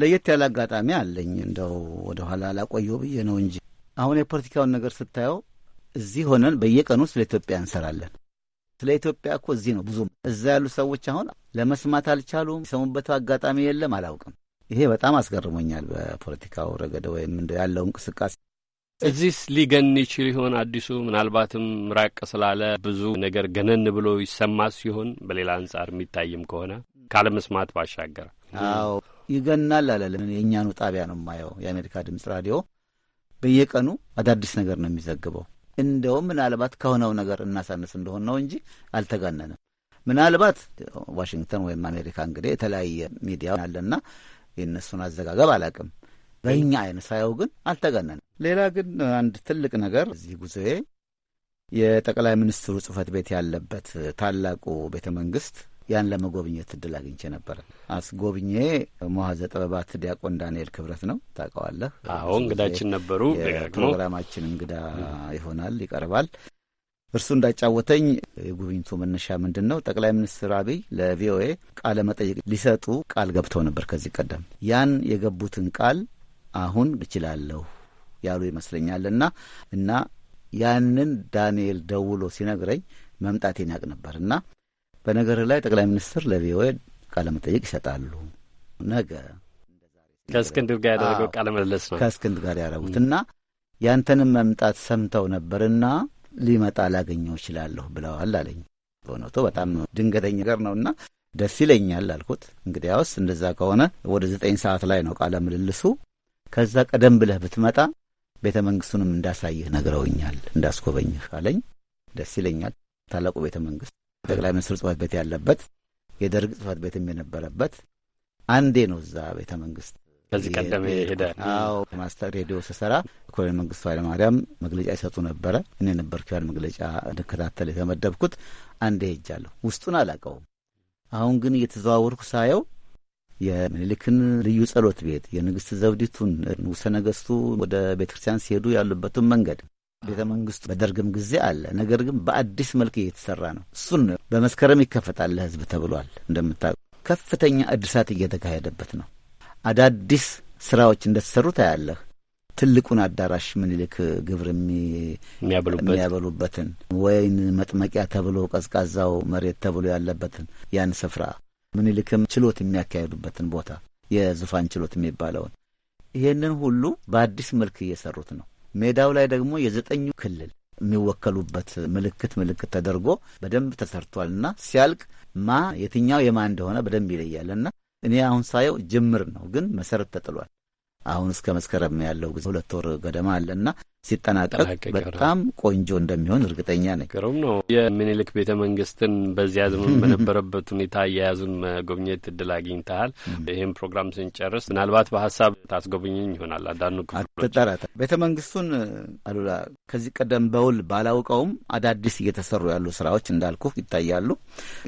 ለየት ያለ አጋጣሚ አለኝ እንደው ወደ ኋላ ላቆየው ብዬ ነው እንጂ አሁን የፖለቲካውን ነገር ስታየው እዚህ ሆነን በየቀኑ ስለ ኢትዮጵያ እንሰራለን። ስለ ኢትዮጵያ እኮ እዚህ ነው ብዙም እዛ ያሉ ሰዎች አሁን ለመስማት አልቻሉም። የሰሙበት አጋጣሚ የለም። አላውቅም። ይሄ በጣም አስገርሞኛል። በፖለቲካው ረገደ ወይም እንደ ያለው እንቅስቃሴ እዚህስ ሊገን ይችል ይሆን? አዲሱ ምናልባትም ራቅ ስላለ ብዙ ነገር ገነን ብሎ ይሰማ ሲሆን በሌላ አንጻር የሚታይም ከሆነ ካለመስማት ባሻገር አዎ ይገናል አላለም። የእኛኑ ጣቢያ ነው የማየው። የአሜሪካ ድምፅ ራዲዮ በየቀኑ አዳዲስ ነገር ነው የሚዘግበው። እንደውም ምናልባት ከሆነው ነገር እናሳንስ እንደሆን ነው እንጂ አልተጋነንም። ምናልባት ዋሽንግተን ወይም አሜሪካ እንግዲህ የተለያየ ሚዲያ አለና የእነሱን አዘጋገብ አላቅም በእኛ አይን ሳየው ግን አልተገነነ። ሌላ ግን አንድ ትልቅ ነገር እዚህ ጉዜ የጠቅላይ ሚኒስትሩ ጽህፈት ቤት ያለበት ታላቁ ቤተ መንግስት ያን ለመጎብኘት እድል አግኝቼ ነበረ። አስጎብኜ መዋዘ ጥበባት ዲያቆን ዳንኤል ክብረት ነው ታውቀዋለህ? አዎ፣ እንግዳችን ነበሩ። ፕሮግራማችን እንግዳ ይሆናል ይቀርባል። እርሱ እንዳጫወተኝ የጉብኝቱ መነሻ ምንድን ነው? ጠቅላይ ሚኒስትር አብይ ለቪኦኤ ቃለ መጠይቅ ሊሰጡ ቃል ገብተው ነበር ከዚህ ቀደም። ያን የገቡትን ቃል አሁን እችላለሁ ያሉ ይመስለኛልና እና ያንን ዳንኤል ደውሎ ሲነግረኝ መምጣቴን ያውቅ ነበር እና በነገር ላይ ጠቅላይ ሚኒስትር ለቪኦኤ ቃለ መጠይቅ ይሰጣሉ ነገ ከእስክንድር ጋር ያደረገው ቃለ መለስ ነው። ከእስክንድ ጋር ያደረጉት እና ያንተንም መምጣት ሰምተው ነበርና ሊመጣ ላገኘው እችላለሁ ብለዋል አለኝ። በእውነቱ በጣም ድንገተኛ ነገር ነውና ደስ ይለኛል አልኩት። እንግዲያውስ እንደዛ ከሆነ ወደ ዘጠኝ ሰዓት ላይ ነው ቃለ ምልልሱ። ከዛ ቀደም ብለህ ብትመጣ ቤተ መንግስቱንም እንዳሳይህ ነግረውኛል፣ እንዳስጎበኝህ አለኝ። ደስ ይለኛል። ታላቁ ቤተ መንግስት ጠቅላይ ሚኒስትር ጽህፈት ቤት ያለበት የደርግ ጽህፈት ቤትም የነበረበት አንዴ ነው። እዛ ቤተ መንግስት ከዚህ ቀደም ሄደ። አዎ ማስተር ሬዲዮ ስሰራ ኮሎኔል መንግስቱ ኃይለማርያም መግለጫ ይሰጡ ነበረ። እኔ ነበርኩ ያን መግለጫ እንከታተል የተመደብኩት። አንዴ ሄጃለሁ። ውስጡን አላውቀውም። አሁን ግን እየተዘዋወርኩ ሳየው የምኒልክን ልዩ ጸሎት ቤት፣ የንግሥት ዘውዲቱን፣ ንጉሠ ነገሥቱ ወደ ቤተ ክርስቲያን ሲሄዱ ያሉበትን መንገድ ቤተ መንግስቱ በደርግም ጊዜ አለ። ነገር ግን በአዲስ መልክ እየተሰራ ነው። እሱን በመስከረም ይከፈታል ለህዝብ ተብሏል። እንደምታውቁ ከፍተኛ እድሳት እየተካሄደበት ነው። አዳዲስ ስራዎች እንደተሰሩ ታያለህ። ትልቁን አዳራሽ ምኒልክ ግብር የሚያበሉበትን ወይን መጥመቂያ ተብሎ ቀዝቃዛው መሬት ተብሎ ያለበትን ያን ስፍራ ምኒልክም ችሎት የሚያካሄዱበትን ቦታ የዙፋን ችሎት የሚባለውን ይህንን ሁሉ በአዲስ መልክ እየሰሩት ነው። ሜዳው ላይ ደግሞ የዘጠኙ ክልል የሚወከሉበት ምልክት ምልክት ተደርጎ በደንብ ተሰርቷልና ሲያልቅ ማ የትኛው የማ እንደሆነ በደንብ ይለያልና እኔ አሁን ሳየው ጅምር ነው፣ ግን መሰረት ተጥሏል። አሁን እስከ መስከረም ያለው ጊዜ ሁለት ወር ገደማ አለና ሲጠናቀቅ በጣም ቆንጆ እንደሚሆን እርግጠኛ ነኝ። ግሩም ነው። የምኒልክ ቤተ መንግስትን በዚያ ዘመን በነበረበት ሁኔታ አያያዙን መጎብኘት እድል አግኝተሃል። ይህም ፕሮግራም ስንጨርስ ምናልባት በሀሳብ ታስጎብኘኝ ይሆናል። አንዳንዱ ክፍሎች ቤተ መንግስቱን አሉላ ከዚህ ቀደም በውል ባላውቀውም አዳዲስ እየተሰሩ ያሉ ስራዎች እንዳልኩ ይታያሉ።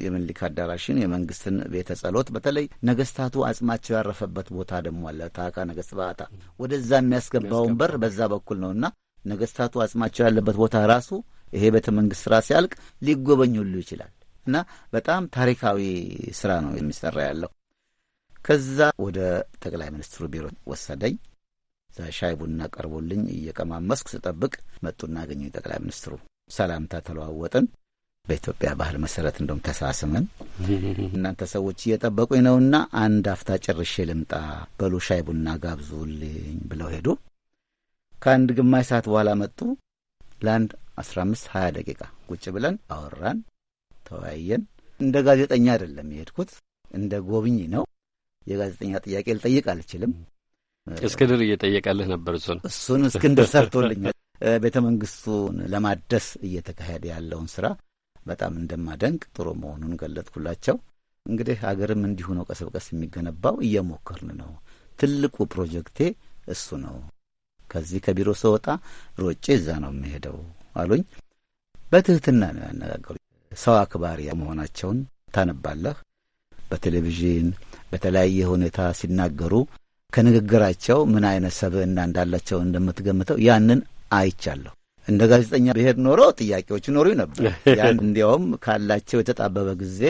የምኒልክ አዳራሽን፣ የመንግስትን ቤተ ጸሎት፣ በተለይ ነገስታቱ አጽማቸው ያረፈበት ቦታ ደግሞ አለ ታካ ነገስት ባታ ወደዛ የሚያስገባውን በር በዛ በኩል ነውና ነገስታቱ አጽማቸው ያለበት ቦታ ራሱ ይሄ ቤተ መንግስት ስራ ሲያልቅ ሊጎበኝ ሁሉ ይችላል እና በጣም ታሪካዊ ስራ ነው የሚሰራ ያለው። ከዛ ወደ ጠቅላይ ሚኒስትሩ ቢሮ ወሰደኝ። ሻይ ቡና ቀርቦልኝ እየቀማመስኩ ስጠብቅ መጡና አገኙኝ ጠቅላይ ሚኒስትሩ። ሰላምታ ተለዋወጥን። በኢትዮጵያ ባህል መሰረት እንደም ተሳስመን እናንተ ሰዎች እየጠበቁኝ ነውና አንድ አፍታ ጨርሼ ልምጣ፣ በሉ ሻይ ቡና ጋብዙልኝ ብለው ሄዱ። ከአንድ ግማሽ ሰዓት በኋላ መጡ። ለአንድ አስራ አምስት ሀያ ደቂቃ ቁጭ ብለን አወራን፣ ተወያየን። እንደ ጋዜጠኛ አይደለም የሄድኩት እንደ ጎብኝ ነው። የጋዜጠኛ ጥያቄ ልጠይቅ አልችልም። እስክንድር እየጠየቀልህ ነበር። እሱን እሱን እስክንድር ሰርቶልኛል። ቤተ መንግስቱን ለማደስ እየተካሄደ ያለውን ስራ በጣም እንደማደንቅ ጥሩ መሆኑን ገለጥኩላቸው። እንግዲህ ሀገርም እንዲሁ ነው ቀስ በቀስ የሚገነባው፣ እየሞከርን ነው። ትልቁ ፕሮጀክቴ እሱ ነው። ከዚህ ከቢሮ ስወጣ ሮጬ እዛ ነው የሚሄደው አሉኝ። በትህትና ነው ያነጋገሩ። ሰው አክባሪ መሆናቸውን ታነባለህ። በቴሌቪዥን በተለያየ ሁኔታ ሲናገሩ ከንግግራቸው ምን አይነት ሰብዕና እንዳላቸው እንደምትገምተው ያንን አይቻለሁ። እንደ ጋዜጠኛ ብሄድ ኖሮ ጥያቄዎች ይኖሩ ነበር። ያን እንዲያውም ካላቸው የተጣበበ ጊዜ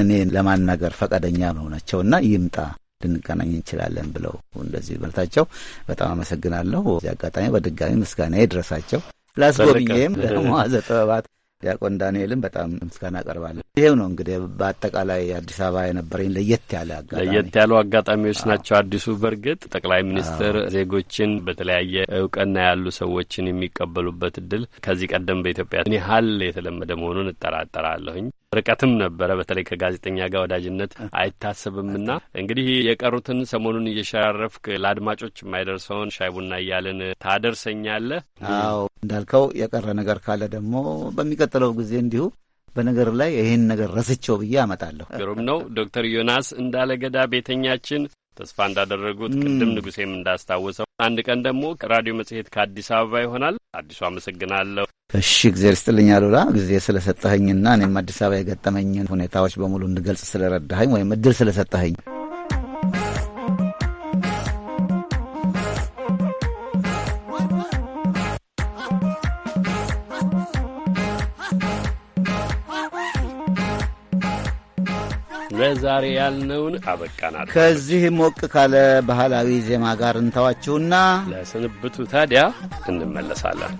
እኔ ለማናገር ፈቃደኛ መሆናቸውና ይምጣ ልንገናኝ እንችላለን ብለው እንደዚህ በልታቸው በጣም አመሰግናለሁ። እዚህ አጋጣሚ በድጋሚ ምስጋና ይድረሳቸው። ላስጎብኝም ለመዋዘ ጥበባት ዲያቆን ዳንኤልም በጣም ምስጋና አቀርባለሁ። ይሄው ነው እንግዲህ በአጠቃላይ አዲስ አበባ የነበረኝ ለየት ያለ አጋጣሚ ለየት ያሉ አጋጣሚዎች ናቸው። አዲሱ በእርግጥ ጠቅላይ ሚኒስትር ዜጎችን በተለያየ እውቅና ያሉ ሰዎችን የሚቀበሉበት እድል ከዚህ ቀደም በኢትዮጵያ ምን ያህል የተለመደ መሆኑን እጠራጠራለሁኝ። ርቀትም ነበረ። በተለይ ከጋዜጠኛ ጋር ወዳጅነት አይታሰብምና እንግዲህ የቀሩትን ሰሞኑን እየሸራረፍክ ለአድማጮች የማይደርሰውን ሻይ ቡና እያልን ታደርሰኛለህ። አዎ እንዳልከው የቀረ ነገር ካለ ደግሞ በሚቀጥለው ጊዜ እንዲሁ በነገር ላይ ይህን ነገር ረስቸው ብዬ አመጣለሁ። ግሩም ነው። ዶክተር ዮናስ እንዳለገዳ ቤተኛችን ተስፋ እንዳደረጉት ቅድም ንጉሴም እንዳስታወሰው አንድ ቀን ደግሞ ራዲዮ መጽሔት ከአዲስ አበባ ይሆናል። አዲሱ አመሰግናለሁ። እሺ እግዜር ስጥልኝ አሉላ፣ ጊዜ ስለሰጠኸኝና እኔም አዲስ አበባ የገጠመኝን ሁኔታዎች በሙሉ እንድገልጽ ስለረዳኸኝ ወይም እድል ስለሰጠኸኝ ለዛሬ ያልነውን አበቃናል። ከዚህ ሞቅ ካለ ባህላዊ ዜማ ጋር እንተዋችሁና ለስንብቱ ታዲያ እንመለሳለን።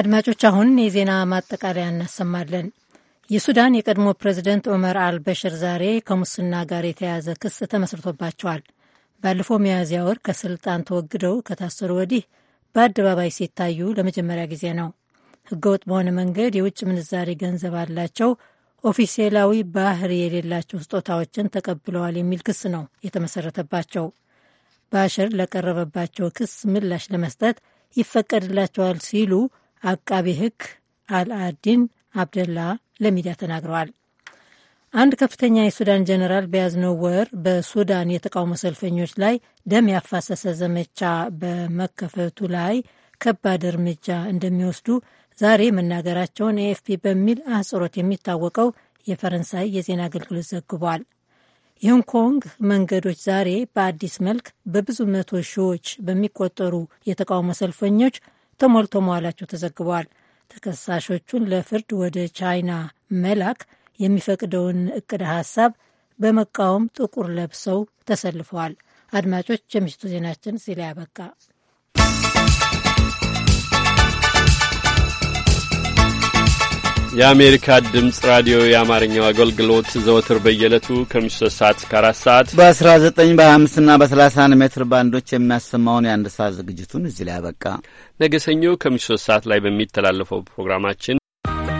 አድማጮች፣ አሁን የዜና ማጠቃለያ እናሰማለን። የሱዳን የቀድሞ ፕሬዚደንት ዑመር አልበሽር ዛሬ ከሙስና ጋር የተያያዘ ክስ ተመስርቶባቸዋል። ባለፈው ሚያዝያ ወር ከስልጣን ተወግደው ከታሰሩ ወዲህ በአደባባይ ሲታዩ ለመጀመሪያ ጊዜ ነው። ህገወጥ በሆነ መንገድ የውጭ ምንዛሬ ገንዘብ አላቸው፣ ኦፊሴላዊ ባህር የሌላቸው ስጦታዎችን ተቀብለዋል የሚል ክስ ነው የተመሰረተባቸው። ባሽር ለቀረበባቸው ክስ ምላሽ ለመስጠት ይፈቀድላቸዋል ሲሉ አቃቤ ሕግ አልአዲን አብደላ ለሚዲያ ተናግረዋል። አንድ ከፍተኛ የሱዳን ጀኔራል በያዝነው ወር በሱዳን የተቃውሞ ሰልፈኞች ላይ ደም ያፋሰሰ ዘመቻ በመከፈቱ ላይ ከባድ እርምጃ እንደሚወስዱ ዛሬ መናገራቸውን ኤኤፍፒ በሚል አህጽሮት የሚታወቀው የፈረንሳይ የዜና አገልግሎት ዘግቧል። የሆንግ ኮንግ መንገዶች ዛሬ በአዲስ መልክ በብዙ መቶ ሺዎች በሚቆጠሩ የተቃውሞ ሰልፈኞች ተሞልቶ መዋላቸው ተዘግበዋል። ተከሳሾቹን ለፍርድ ወደ ቻይና መላክ የሚፈቅደውን እቅድ ሀሳብ በመቃወም ጥቁር ለብሰው ተሰልፈዋል። አድማጮች፣ የምሽቱ ዜናችን እዚህ ያበቃ። የአሜሪካ ድምፅ ራዲዮ የአማርኛው አገልግሎት ዘወትር በየዕለቱ ከምሽቱ 3 ሰዓት እስከ 4 ሰዓት በ19 በ25ና በ31 ሜትር ባንዶች የሚያሰማውን የአንድ ሰዓት ዝግጅቱን እዚህ ላይ አበቃ። ነገ ሰኞ ከምሽቱ 3 ሰዓት ላይ በሚተላለፈው ፕሮግራማችን